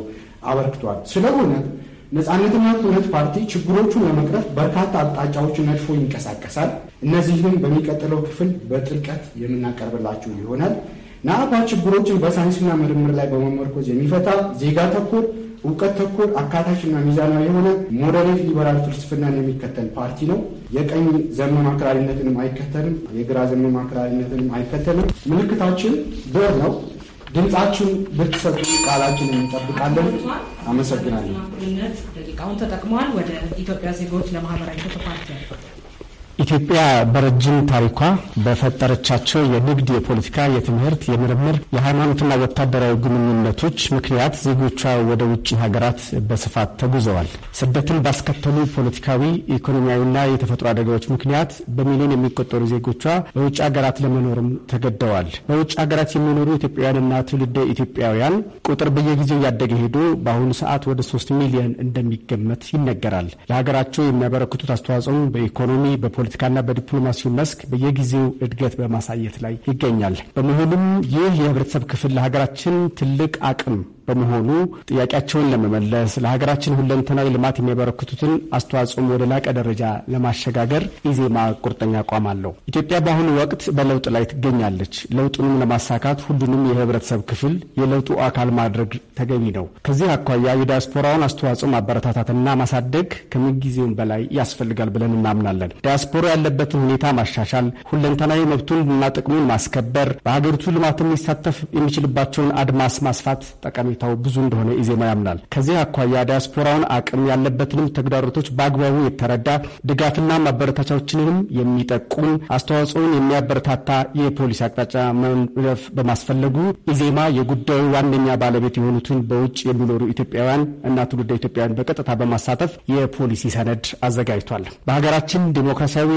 አበርክቷል። ስለሆነ ነጻነትና እኩልነት ፓርቲ ችግሮቹን ለመቅረፍ በርካታ አቅጣጫዎችን ነድፎ ይንቀሳቀሳል። እነዚህንም በሚቀጥለው ክፍል በጥልቀት የምናቀርብላችሁ ይሆናል። ናአባ ችግሮችን በሳይንስና ምርምር ላይ በመመርኮዝ የሚፈታ ዜጋ ተኮር፣ እውቀት ተኮር፣ አካታችና ሚዛናዊ የሆነ ሞደሬት ሊበራል ፍልስፍናን የሚከተል ፓርቲ ነው። የቀኝ ዘመም አክራሪነትንም አይከተልም፣ የግራ ዘመም አክራሪነትንም አይከተልም። ምልክታችን ዶር ነው። ድምጻችሁን ብትሰጡ ቃላችን እንጠብቃለን። አመሰግናለሁ። ደቂቃውን ተጠቅመዋል። ወደ ኢትዮጵያ ዜጎች ለማህበራዊ ፍትህ ፓርቲ ኢትዮጵያ በረጅም ታሪኳ በፈጠረቻቸው የንግድ፣ የፖለቲካ፣ የትምህርት፣ የምርምር፣ የሃይማኖትና ወታደራዊ ግንኙነቶች ምክንያት ዜጎቿ ወደ ውጭ ሀገራት በስፋት ተጉዘዋል። ስደትን ባስከተሉ ፖለቲካዊ፣ ኢኮኖሚያዊና የተፈጥሮ አደጋዎች ምክንያት በሚሊዮን የሚቆጠሩ ዜጎቿ በውጭ ሀገራት ለመኖርም ተገደዋል። በውጭ ሀገራት የሚኖሩ ኢትዮጵያውያንና ትውልደ ኢትዮጵያውያን ቁጥር በየጊዜው ያደገ ሄዶ በአሁኑ ሰዓት ወደ ሶስት ሚሊዮን እንደሚገመት ይነገራል። ለሀገራቸው የሚያበረክቱት አስተዋጽኦም በኢኮኖሚ በፖ በፖለቲካና በዲፕሎማሲ መስክ በየጊዜው እድገት በማሳየት ላይ ይገኛል። በመሆኑም ይህ የህብረተሰብ ክፍል ለሀገራችን ትልቅ አቅም በመሆኑ ጥያቄያቸውን ለመመለስ ለሀገራችን ሁለንተናዊ ልማት የሚያበረክቱትን አስተዋጽኦም ወደ ላቀ ደረጃ ለማሸጋገር ኢዜማ ቁርጠኛ አቋም አለው። ኢትዮጵያ በአሁኑ ወቅት በለውጥ ላይ ትገኛለች። ለውጡንም ለማሳካት ሁሉንም የህብረተሰብ ክፍል የለውጡ አካል ማድረግ ተገቢ ነው። ከዚህ አኳያ የዲያስፖራውን አስተዋጽኦ ማበረታታትና ማሳደግ ከምንጊዜውም በላይ ያስፈልጋል ብለን እናምናለን። ዲያስፖራ ያለበትን ሁኔታ ማሻሻል፣ ሁለንተናዊ ና ጥቅሙን ማስከበር፣ በሀገሪቱ ልማት ሊሳተፍ የሚችልባቸውን አድማስ ማስፋት ጠቀሜታ ጠቀሜታው ብዙ እንደሆነ ኢዜማ ያምናል። ከዚህ አኳያ ዲያስፖራውን አቅም ያለበትንም ተግዳሮቶች በአግባቡ የተረዳ ድጋፍና ማበረታቻዎችንም የሚጠቁም አስተዋጽኦን የሚያበረታታ የፖሊሲ አቅጣጫ መንደፍ በማስፈለጉ ኢዜማ የጉዳዩ ዋነኛ ባለቤት የሆኑትን በውጭ የሚኖሩ ኢትዮጵያውያን እና ትውልደ ኢትዮጵያውያን በቀጥታ በማሳተፍ የፖሊሲ ሰነድ አዘጋጅቷል። በሀገራችን ዲሞክራሲያዊ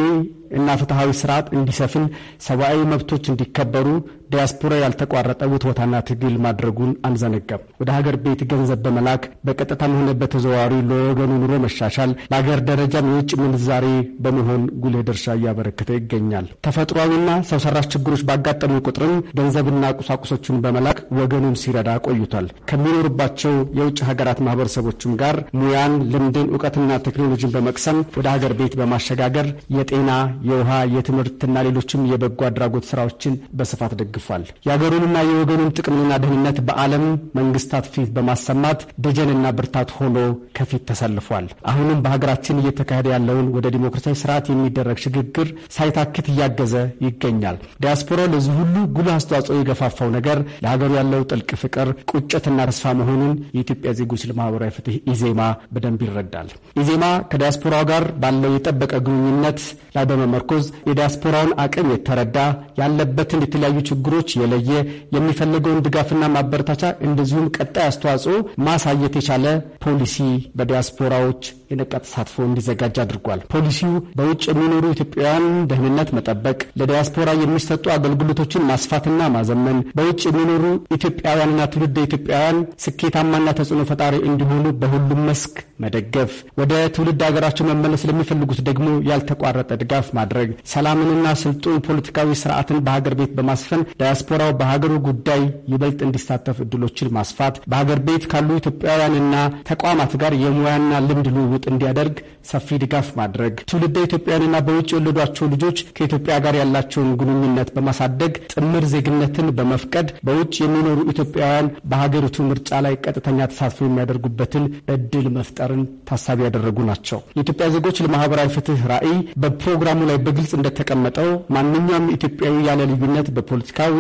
እና ፍትሐዊ ስርዓት እንዲሰፍን፣ ሰብአዊ መብቶች እንዲከበሩ ዲያስፖራ ያልተቋረጠ ውትወታና ትግል ማድረጉን አንዘነጋም። ወደ ሀገር ቤት ገንዘብ በመላክ በቀጥታም ሆነ በተዘዋዋሪ ለወገኑ ኑሮ መሻሻል በሀገር ደረጃም የውጭ ምንዛሬ በመሆን ጉልህ ድርሻ እያበረከተ ይገኛል። ተፈጥሯዊና ሰው ሰራሽ ችግሮች ባጋጠሙ ቁጥርም ገንዘብና ቁሳቁሶችን በመላክ ወገኑን ሲረዳ ቆይቷል። ከሚኖሩባቸው የውጭ ሀገራት ማህበረሰቦችም ጋር ሙያን፣ ልምድን፣ እውቀትና ቴክኖሎጂን በመቅሰም ወደ ሀገር ቤት በማሸጋገር የጤና የውሃ የትምህርትና ሌሎችም የበጎ አድራጎት ስራዎችን በስፋት ደግፏል። የአገሩንና የወገኑን ጥቅምና ደህንነት በዓለም መንግስታት ፊት በማሰማት ደጀንና ብርታት ሆኖ ከፊት ተሰልፏል። አሁንም በሀገራችን እየተካሄደ ያለውን ወደ ዲሞክራሲያዊ ስርዓት የሚደረግ ሽግግር ሳይታክት እያገዘ ይገኛል። ዲያስፖራው ለዚህ ሁሉ ጉልህ አስተዋጽኦ የገፋፋው ነገር ለሀገሩ ያለው ጥልቅ ፍቅር፣ ቁጭትና ተስፋ መሆኑን የኢትዮጵያ ዜጎች ለማህበራዊ ፍትህ ኢዜማ በደንብ ይረዳል። ኢዜማ ከዲያስፖራው ጋር ባለው የጠበቀ ግንኙነት ላይ በመ በማመርኮዝ የዲያስፖራውን አቅም የተረዳ ያለበትን የተለያዩ ችግሮች የለየ የሚፈልገውን ድጋፍና ማበረታቻ እንደዚሁም ቀጣይ አስተዋጽኦ ማሳየት የቻለ ፖሊሲ በዲያስፖራዎች የነቃ ተሳትፎ እንዲዘጋጅ አድርጓል። ፖሊሲው በውጭ የሚኖሩ ኢትዮጵያውያን ደህንነት መጠበቅ፣ ለዲያስፖራ የሚሰጡ አገልግሎቶችን ማስፋትና ማዘመን፣ በውጭ የሚኖሩ ኢትዮጵያውያንና ትውልደ ኢትዮጵያውያን ስኬታማና ተጽዕኖ ፈጣሪ እንዲሆኑ በሁሉም መስክ መደገፍ፣ ወደ ትውልድ ሀገራቸው መመለስ ለሚፈልጉት ደግሞ ያልተቋረጠ ድጋፍ ማድረግ፣ ሰላምንና ስልጡን ፖለቲካዊ ስርዓትን በሀገር ቤት በማስፈን ዳያስፖራው በሀገሩ ጉዳይ ይበልጥ እንዲሳተፍ እድሎችን ማስፋት፣ በሀገር ቤት ካሉ ኢትዮጵያውያንና ተቋማት ጋር የሙያና ልምድ ልውውጥ ለውጥ እንዲያደርግ ሰፊ ድጋፍ ማድረግ፣ ትውልደ ኢትዮጵያውያንና በውጭ የወለዷቸው ልጆች ከኢትዮጵያ ጋር ያላቸውን ግንኙነት በማሳደግ ጥምር ዜግነትን በመፍቀድ በውጭ የሚኖሩ ኢትዮጵያውያን በሀገሪቱ ምርጫ ላይ ቀጥተኛ ተሳትፎ የሚያደርጉበትን እድል መፍጠርን ታሳቢ ያደረጉ ናቸው። የኢትዮጵያ ዜጎች ለማህበራዊ ፍትህ ራዕይ በፕሮግራሙ ላይ በግልጽ እንደተቀመጠው ማንኛውም ኢትዮጵያዊ ያለ ልዩነት በፖለቲካዊ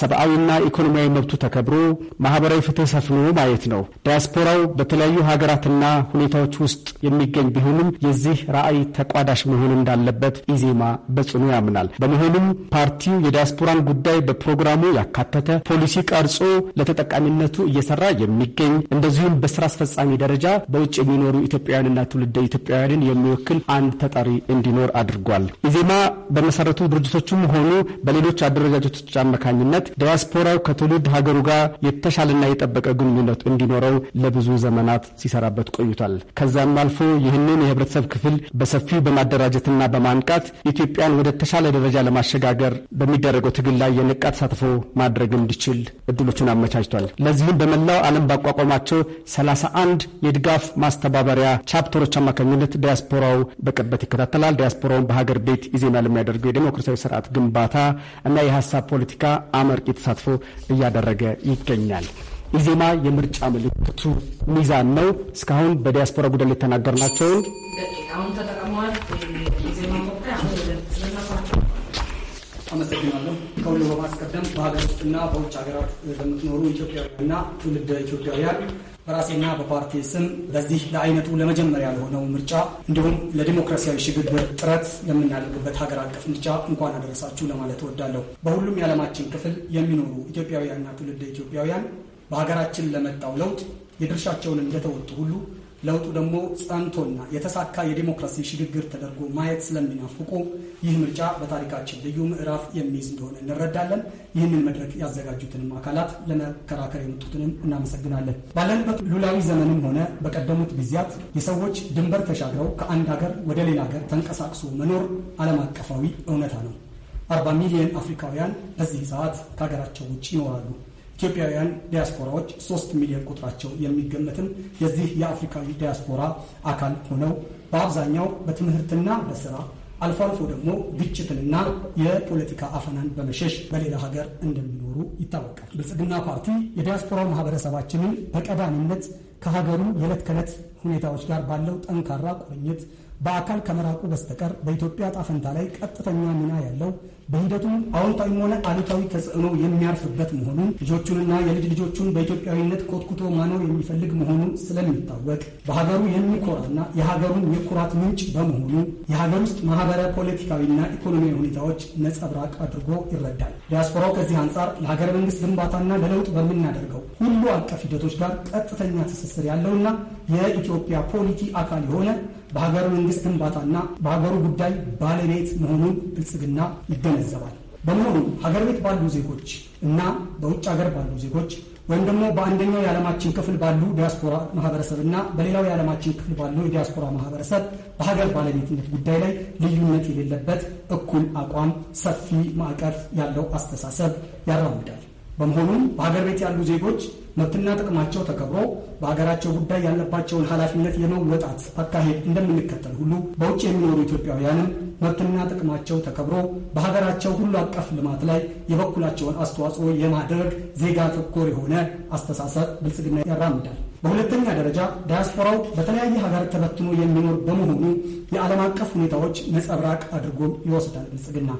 ሰብአዊና ኢኮኖሚያዊ መብቱ ተከብሮ ማህበራዊ ፍትህ ሰፍኖ ማየት ነው። ዲያስፖራው በተለያዩ ሀገራትና ሁኔታዎች ውስጥ የሚገኝ ቢሆንም የዚህ ራዕይ ተቋዳሽ መሆን እንዳለበት ኢዜማ በጽኑ ያምናል። በመሆኑም ፓርቲው የዲያስፖራን ጉዳይ በፕሮግራሙ ያካተተ ፖሊሲ ቀርጾ ለተጠቃሚነቱ እየሰራ የሚገኝ እንደዚሁም በስራ አስፈጻሚ ደረጃ በውጭ የሚኖሩ ኢትዮጵያውያንና ትውልደ ኢትዮጵያውያንን የሚወክል አንድ ተጠሪ እንዲኖር አድርጓል። ኢዜማ በመሰረቱ ድርጅቶችም ሆኑ በሌሎች አደረጃጀቶች አማካኝነት ዲያስፖራው ከትውልድ ሀገሩ ጋር የተሻለና የጠበቀ ግንኙነት እንዲኖረው ለብዙ ዘመናት ሲሰራበት ቆይቷል። ከዛም አልፎ አልፎ ይህንን የህብረተሰብ ክፍል በሰፊው በማደራጀትና በማንቃት ኢትዮጵያን ወደ ተሻለ ደረጃ ለማሸጋገር በሚደረገው ትግል ላይ የንቃ ተሳትፎ ማድረግ እንዲችል እድሎቹን አመቻችቷል። ለዚህም በመላው ዓለም ባቋቋማቸው 31 የድጋፍ ማስተባበሪያ ቻፕተሮች አማካኝነት ዲያስፖራው በቅርበት ይከታተላል። ዲያስፖራውን በሀገር ቤት ኢዜማ ለሚያደርገው የዴሞክራሲያዊ ስርዓት ግንባታ እና የሀሳብ ፖለቲካ አመርቂ ተሳትፎ እያደረገ ይገኛል። ኢዜማ የምርጫ ምልክቱ ሚዛን ነው። እስካሁን በዲያስፖራ ጉዳይ ሊተናገር የተናገርናቸውን አመሰግናለሁ። ከሁሉ በማስቀደም በሀገር ውስጥና በውጭ ሀገራት በምትኖሩ ኢትዮጵያውያንና ትውልደ ኢትዮጵያውያን በራሴና በፓርቲ ስም በዚህ ለአይነቱ ለመጀመሪያ ለሆነው ምርጫ እንዲሁም ለዲሞክራሲያዊ ሽግግር ጥረት ለምናደርግበት ሀገር አቀፍ ምርጫ እንኳን አደረሳችሁ ለማለት እወዳለሁ። በሁሉም የዓለማችን ክፍል የሚኖሩ ኢትዮጵያውያንና ትውልደ ኢትዮጵያውያን በሀገራችን ለመጣው ለውጥ የድርሻቸውን እንደተወጡ ሁሉ ለውጡ ደግሞ ጸንቶና የተሳካ የዲሞክራሲ ሽግግር ተደርጎ ማየት ስለሚናፍቁ ይህ ምርጫ በታሪካችን ልዩ ምዕራፍ የሚይዝ እንደሆነ እንረዳለን። ይህንን መድረክ ያዘጋጁትንም አካላት ለመከራከር የመጡትንም እናመሰግናለን። ባለንበት ሉላዊ ዘመንም ሆነ በቀደሙት ጊዜያት የሰዎች ድንበር ተሻግረው ከአንድ ሀገር ወደ ሌላ ሀገር ተንቀሳቅሶ መኖር ዓለም አቀፋዊ እውነታ ነው። 40 ሚሊዮን አፍሪካውያን በዚህ ሰዓት ከሀገራቸው ውጭ ይኖራሉ። ኢትዮጵያውያን ዲያስፖራዎች ሶስት ሚሊዮን ቁጥራቸው የሚገመትም የዚህ የአፍሪካዊ ዲያስፖራ አካል ሆነው በአብዛኛው በትምህርትና በስራ አልፎ አልፎ ደግሞ ግጭትንና የፖለቲካ አፈናን በመሸሽ በሌላ ሀገር እንደሚኖሩ ይታወቃል። ብልጽግና ፓርቲ የዲያስፖራ ማህበረሰባችንን በቀዳሚነት ከሀገሩ የዕለት ከዕለት ሁኔታዎች ጋር ባለው ጠንካራ ቁርኝት በአካል ከመራቁ በስተቀር በኢትዮጵያ ጣፈንታ ላይ ቀጥተኛ ሚና ያለው በሂደቱም አዎንታዊም ሆነ አሉታዊ ተጽዕኖ የሚያርፍበት መሆኑን ልጆቹንና የልጅ ልጆቹን በኢትዮጵያዊነት ኮትኩቶ ማኖር የሚፈልግ መሆኑን ስለሚታወቅ በሀገሩ የሚኮራና የሀገሩን የኩራት ምንጭ በመሆኑ የሀገር ውስጥ ማህበረ ፖለቲካዊና ኢኮኖሚያዊ ሁኔታዎች ነጸብራቅ አድርጎ ይረዳል። ዲያስፖራው ከዚህ አንጻር ለሀገረ መንግስት ግንባታና ለለውጥ በምናደርገው ሁሉ አቀፍ ሂደቶች ጋር ቀጥተኛ ትስስር ትስስር ያለውና የኢትዮጵያ ፖሊቲ አካል የሆነ በሀገር መንግስት ግንባታና በሀገሩ ጉዳይ ባለቤት መሆኑን ብልጽግና ይገነዘባል። በመሆኑ ሀገር ቤት ባሉ ዜጎች እና በውጭ ሀገር ባሉ ዜጎች ወይም ደግሞ በአንደኛው የዓለማችን ክፍል ባሉ ዲያስፖራ ማህበረሰብ እና በሌላው የዓለማችን ክፍል ባሉ የዲያስፖራ ማህበረሰብ በሀገር ባለቤትነት ጉዳይ ላይ ልዩነት የሌለበት እኩል አቋም፣ ሰፊ ማዕቀፍ ያለው አስተሳሰብ ያራምዳል። በመሆኑም በሀገር ቤት ያሉ ዜጎች መብትና ጥቅማቸው ተከብሮ በሀገራቸው ጉዳይ ያለባቸውን ኃላፊነት የመወጣት አካሄድ እንደምንከተል ሁሉ በውጭ የሚኖሩ ኢትዮጵያውያንም መብትና ጥቅማቸው ተከብሮ በሀገራቸው ሁሉ አቀፍ ልማት ላይ የበኩላቸውን አስተዋጽኦ የማድረግ ዜጋ ተኮር የሆነ አስተሳሰብ ብልጽግና ያራምዳል። በሁለተኛ ደረጃ ዳያስፖራው በተለያየ ሀገር ተበትኖ የሚኖር በመሆኑ የዓለም አቀፍ ሁኔታዎች ነጸብራቅ አድርጎ ይወስዳል ብልጽግና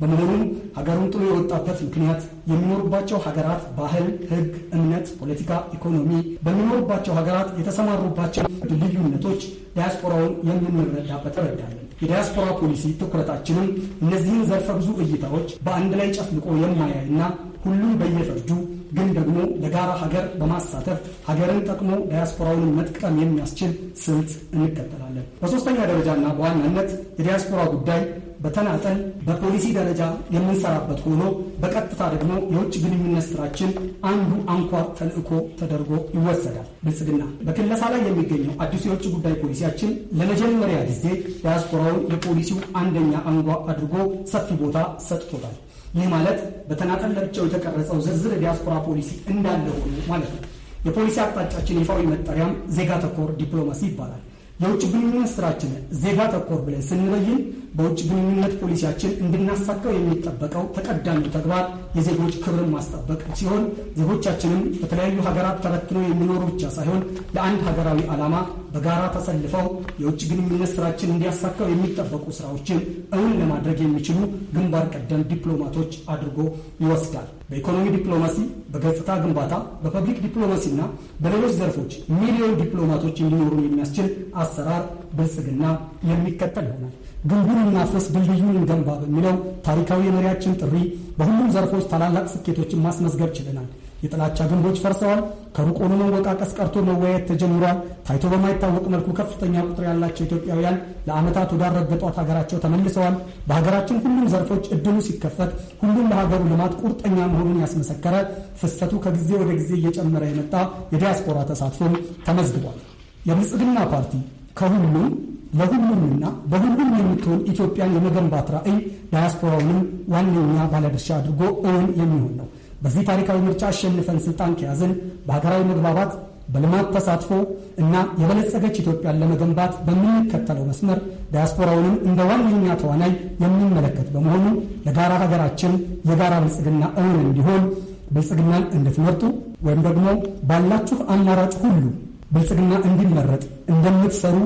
በመሆኑም ሀገሩን ጥሎ የወጣበት ምክንያት የሚኖሩባቸው ሀገራት ባህል፣ ሕግ፣ እምነት፣ ፖለቲካ፣ ኢኮኖሚ በሚኖሩባቸው ሀገራት የተሰማሩባቸው ልዩነቶች ዲያስፖራውን የምንረዳበት ረዳለን። የዲያስፖራ ፖሊሲ ትኩረታችንም እነዚህን ዘርፈ ብዙ እይታዎች በአንድ ላይ ጨፍልቆ የማያይና ሁሉም በየፈርጁ ግን ደግሞ ለጋራ ሀገር በማሳተፍ ሀገርን ጠቅሞ ዳያስፖራውንም መጥቀም የሚያስችል ስልት እንከተላለን። በሶስተኛ ደረጃና በዋናነት የዲያስፖራ ጉዳይ በተናጠል በፖሊሲ ደረጃ የምንሰራበት ሆኖ በቀጥታ ደግሞ የውጭ ግንኙነት ስራችን አንዱ አንኳር ተልዕኮ ተደርጎ ይወሰዳል። ብልጽግና በክለሳ ላይ የሚገኘው አዲሱ የውጭ ጉዳይ ፖሊሲያችን ለመጀመሪያ ጊዜ ዲያስፖራውን የፖሊሲው አንደኛ አንጓ አድርጎ ሰፊ ቦታ ሰጥቶታል። ይህ ማለት በተናጠል ለብቻው የተቀረጸው ዝርዝር የዲያስፖራ ፖሊሲ እንዳለ ሆኖ ማለት ነው። የፖሊሲ አቅጣጫችን ይፋዊ መጠሪያም ዜጋ ተኮር ዲፕሎማሲ ይባላል። የውጭ ግንኙነት ስራችን ዜጋ ተኮር ብለን ስንበይን በውጭ ግንኙነት ፖሊሲያችን እንድናሳካው የሚጠበቀው ተቀዳሚ ተግባር የዜጎች ክብርን ማስጠበቅ ሲሆን ዜጎቻችንም በተለያዩ ሀገራት ተበትነው የሚኖሩ ብቻ ሳይሆን ለአንድ ሀገራዊ ዓላማ በጋራ ተሰልፈው የውጭ ግንኙነት ስራችን እንዲያሳካው የሚጠበቁ ስራዎችን እውን ለማድረግ የሚችሉ ግንባር ቀደም ዲፕሎማቶች አድርጎ ይወስዳል። በኢኮኖሚ ዲፕሎማሲ፣ በገጽታ ግንባታ፣ በፐብሊክ ዲፕሎማሲና በሌሎች ዘርፎች ሚሊዮን ዲፕሎማቶች እንዲኖሩ የሚያስችል አሰራር ብልጽግና የሚከተል ይሆናል። ግንቡን እናፍርስ፣ ድልድዩን እንገንባ በሚለው ታሪካዊ የመሪያችን ጥሪ በሁሉም ዘርፎች ታላላቅ ስኬቶችን ማስመዝገብ ችለናል። የጥላቻ ግንቦች ፈርሰዋል። ከሩቆኑ መወቃቀስ ቀርቶ መወያየት ተጀምሯል። ታይቶ በማይታወቅ መልኩ ከፍተኛ ቁጥር ያላቸው ኢትዮጵያውያን ለዓመታት ወዳረገጧት ሀገራቸው ተመልሰዋል። በሀገራችን ሁሉም ዘርፎች እድሉ ሲከፈት ሁሉም ለሀገሩ ልማት ቁርጠኛ መሆኑን ያስመሰከረ ፍሰቱ ከጊዜ ወደ ጊዜ እየጨመረ የመጣ የዲያስፖራ ተሳትፎም ተመዝግቧል። የብልጽግና ፓርቲ ከሁሉም ለሁሉምና በሁሉም የምትሆን ኢትዮጵያን የመገንባት ራዕይ ዳያስፖራውንም ዋነኛ ባለድርሻ አድርጎ እውን የሚሆን ነው። በዚህ ታሪካዊ ምርጫ አሸንፈን ስልጣን ከያዝን በሀገራዊ መግባባት በልማት ተሳትፎ እና የበለጸገች ኢትዮጵያን ለመገንባት በምንከተለው መስመር ዳያስፖራውንም እንደ ዋነኛ ተዋናይ የሚመለከት በመሆኑ ለጋራ ሀገራችን የጋራ ብልጽግና እውን እንዲሆን ብልጽግናን እንድትመርጡ ወይም ደግሞ ባላችሁ አማራጭ ሁሉ ብልጽግና እንዲመረጥ እንደምትሰሩ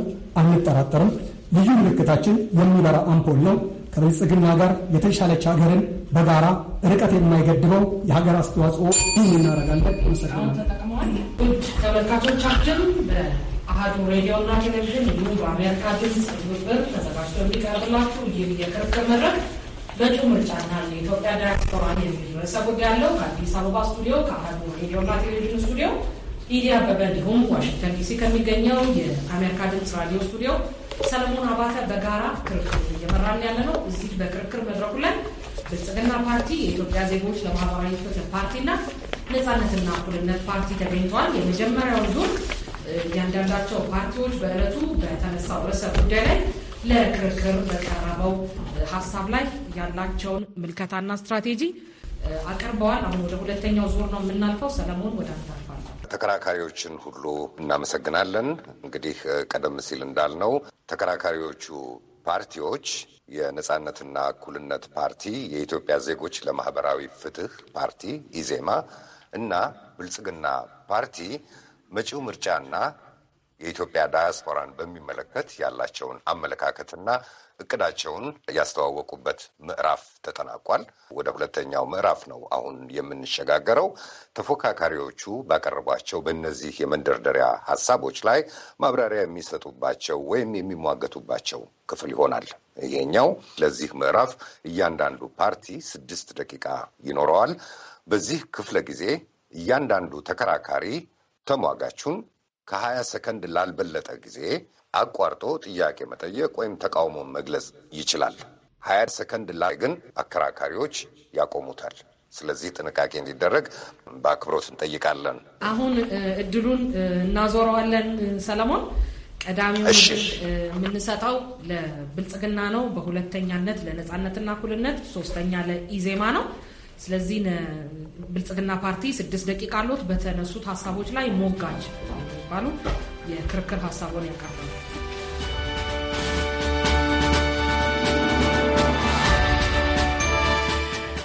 አንጠራጠርም። ልዩ ምልክታችን የሚበራ አምፖል ነው። ከብልጽግና ጋር የተሻለች ሀገርን በጋራ ርቀት የማይገድበው የሀገር አስተዋጽኦ ይህ እናደርጋለን። መሰግናለን። ውድ ተመልካቾቻችን በአህዱ ሬዲዮና ቴሌቪዥን ይሁ በአሜሪካ ድምፅ ትብብር ተዘጋጅቶ የሚቀርብላችሁ ይህ የቅርብ መድረክ በእጩው ምርጫና የኢትዮጵያ ዲያስፖራን የሚል ርዕሰ ጉዳይ ያለው ከአዲስ አበባ ስቱዲዮ ከአህዱ ሬዲዮና ቴሌቪዥን ስቱዲዮ ኢዲ አበበ እንዲሁም ዋሽንግተን ዲሲ ከሚገኘው የአሜሪካ ድምፅ ራዲዮ ስቱዲዮ ሰለሞን አባተ በጋራ ክርክር እየመራን ያለ ነው። እዚህ በክርክር መድረኩ ላይ ብልጽግና ፓርቲ፣ የኢትዮጵያ ዜጎች ለማህበራዊ ፍትህ ፓርቲና ነጻነትና እኩልነት ፓርቲ ተገኝተዋል። የመጀመሪያው ዙር እያንዳንዳቸው ፓርቲዎች በእለቱ በተነሳው ርዕሰ ጉዳይ ላይ ለክርክር በቀረበው ሀሳብ ላይ ያላቸውን ምልከታና ስትራቴጂ አቅርበዋል። አሁን ወደ ሁለተኛው ዙር ነው የምናልፈው። ሰለሞን ወደ አንተ ተከራካሪዎችን ሁሉ እናመሰግናለን። እንግዲህ ቀደም ሲል እንዳልነው ተከራካሪዎቹ ፓርቲዎች የነጻነትና እኩልነት ፓርቲ፣ የኢትዮጵያ ዜጎች ለማህበራዊ ፍትህ ፓርቲ ኢዜማ እና ብልጽግና ፓርቲ መጪው ምርጫና የኢትዮጵያ ዳያስፖራን በሚመለከት ያላቸውን አመለካከትና እቅዳቸውን ያስተዋወቁበት ምዕራፍ ተጠናቋል። ወደ ሁለተኛው ምዕራፍ ነው አሁን የምንሸጋገረው። ተፎካካሪዎቹ ባቀረቧቸው በእነዚህ የመንደርደሪያ ሀሳቦች ላይ ማብራሪያ የሚሰጡባቸው ወይም የሚሟገቱባቸው ክፍል ይሆናል። ይሄኛው ለዚህ ምዕራፍ እያንዳንዱ ፓርቲ ስድስት ደቂቃ ይኖረዋል። በዚህ ክፍለ ጊዜ እያንዳንዱ ተከራካሪ ተሟጋቹን ከሀያ ሰከንድ ላልበለጠ ጊዜ አቋርጦ ጥያቄ መጠየቅ ወይም ተቃውሞን መግለጽ ይችላል። ሀያድ ሰከንድ ላይ ግን አከራካሪዎች ያቆሙታል። ስለዚህ ጥንቃቄ እንዲደረግ በአክብሮት እንጠይቃለን። አሁን እድሉን እናዞረዋለን። ሰለሞን፣ ቀዳሚው የምንሰጠው ለብልጽግና ነው። በሁለተኛነት ለነጻነትና እኩልነት፣ ሶስተኛ ለኢዜማ ነው። ስለዚህ ብልጽግና ፓርቲ ስድስት ደቂቃ አሎት። በተነሱት ሀሳቦች ላይ ሞጋጅ የሚባሉ የክርክር ሀሳቡን ያቀርባል።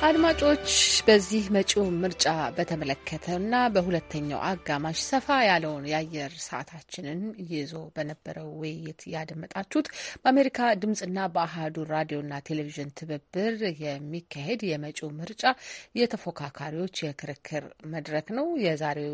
አድማጮች በዚህ መጪው ምርጫ በተመለከተና በሁለተኛው አጋማሽ ሰፋ ያለውን የአየር ሰዓታችንን ይዞ በነበረው ውይይት ያደመጣችሁት በአሜሪካ ድምፅና በአህዱ ራዲዮና ቴሌቪዥን ትብብር የሚካሄድ የመጪው ምርጫ የተፎካካሪዎች የክርክር መድረክ ነው። የዛሬው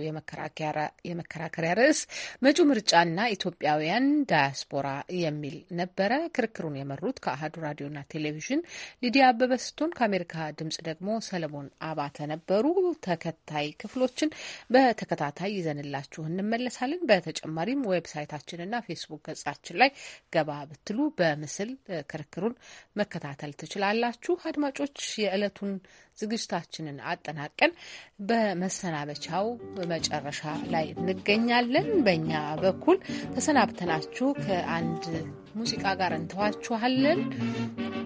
የመከራከሪያ ርዕስ መጪው ምርጫና ኢትዮጵያውያን ዳያስፖራ የሚል ነበረ። ክርክሩን የመሩት ከአህዱ ራዲዮና ቴሌቪዥን ሊዲያ አበበ ስትሆን ከአሜሪካ ድምጽ ድምጽ ደግሞ ሰለሞን አባተ ነበሩ። ተከታይ ክፍሎችን በተከታታይ ይዘንላችሁ እንመለሳለን። በተጨማሪም ዌብሳይታችንና ፌስቡክ ገጻችን ላይ ገባ ብትሉ በምስል ክርክሩን መከታተል ትችላላችሁ። አድማጮች የዕለቱን ዝግጅታችንን አጠናቀን በመሰናበቻው መጨረሻ ላይ እንገኛለን። በእኛ በኩል ተሰናብተናችሁ ከአንድ ሙዚቃ ጋር እንተዋችኋለን።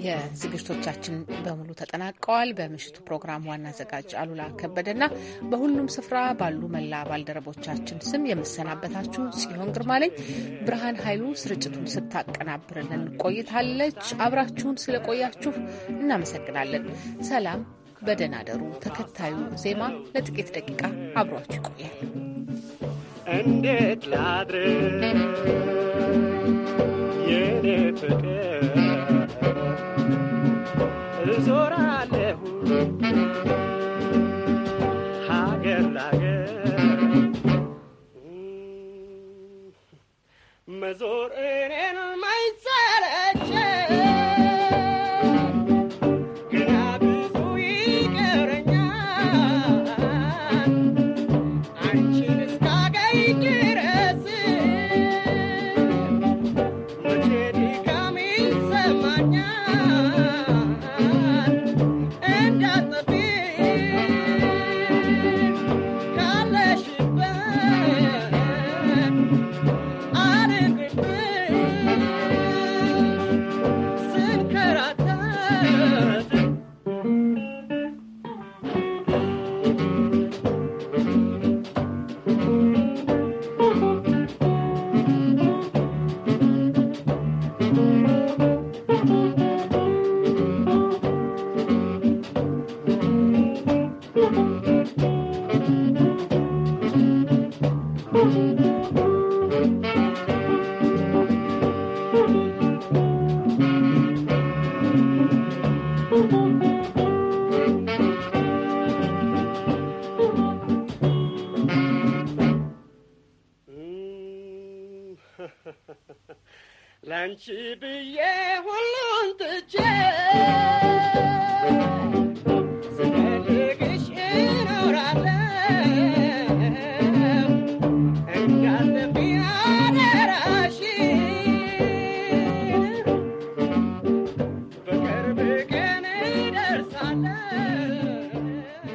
የዝግጅቶቻችን በሙሉ ተጠናቀዋል። በምሽቱ ፕሮግራም ዋና አዘጋጅ አሉላ ከበደና በሁሉም ስፍራ ባሉ መላ ባልደረቦቻችን ስም የምሰናበታችሁ ሲሆን ግርማ ነኝ። ብርሃን ኃይሉ ስርጭቱን ስታቀናብርልን ቆይታለች። አብራችሁን ስለቆያችሁ እናመሰግናለን። ሰላም በደናደሩ ተከታዩ ዜማ ለጥቂት ደቂቃ አብሯችሁ ይቆያል። እንዴት ላድር የኔ ፍቅር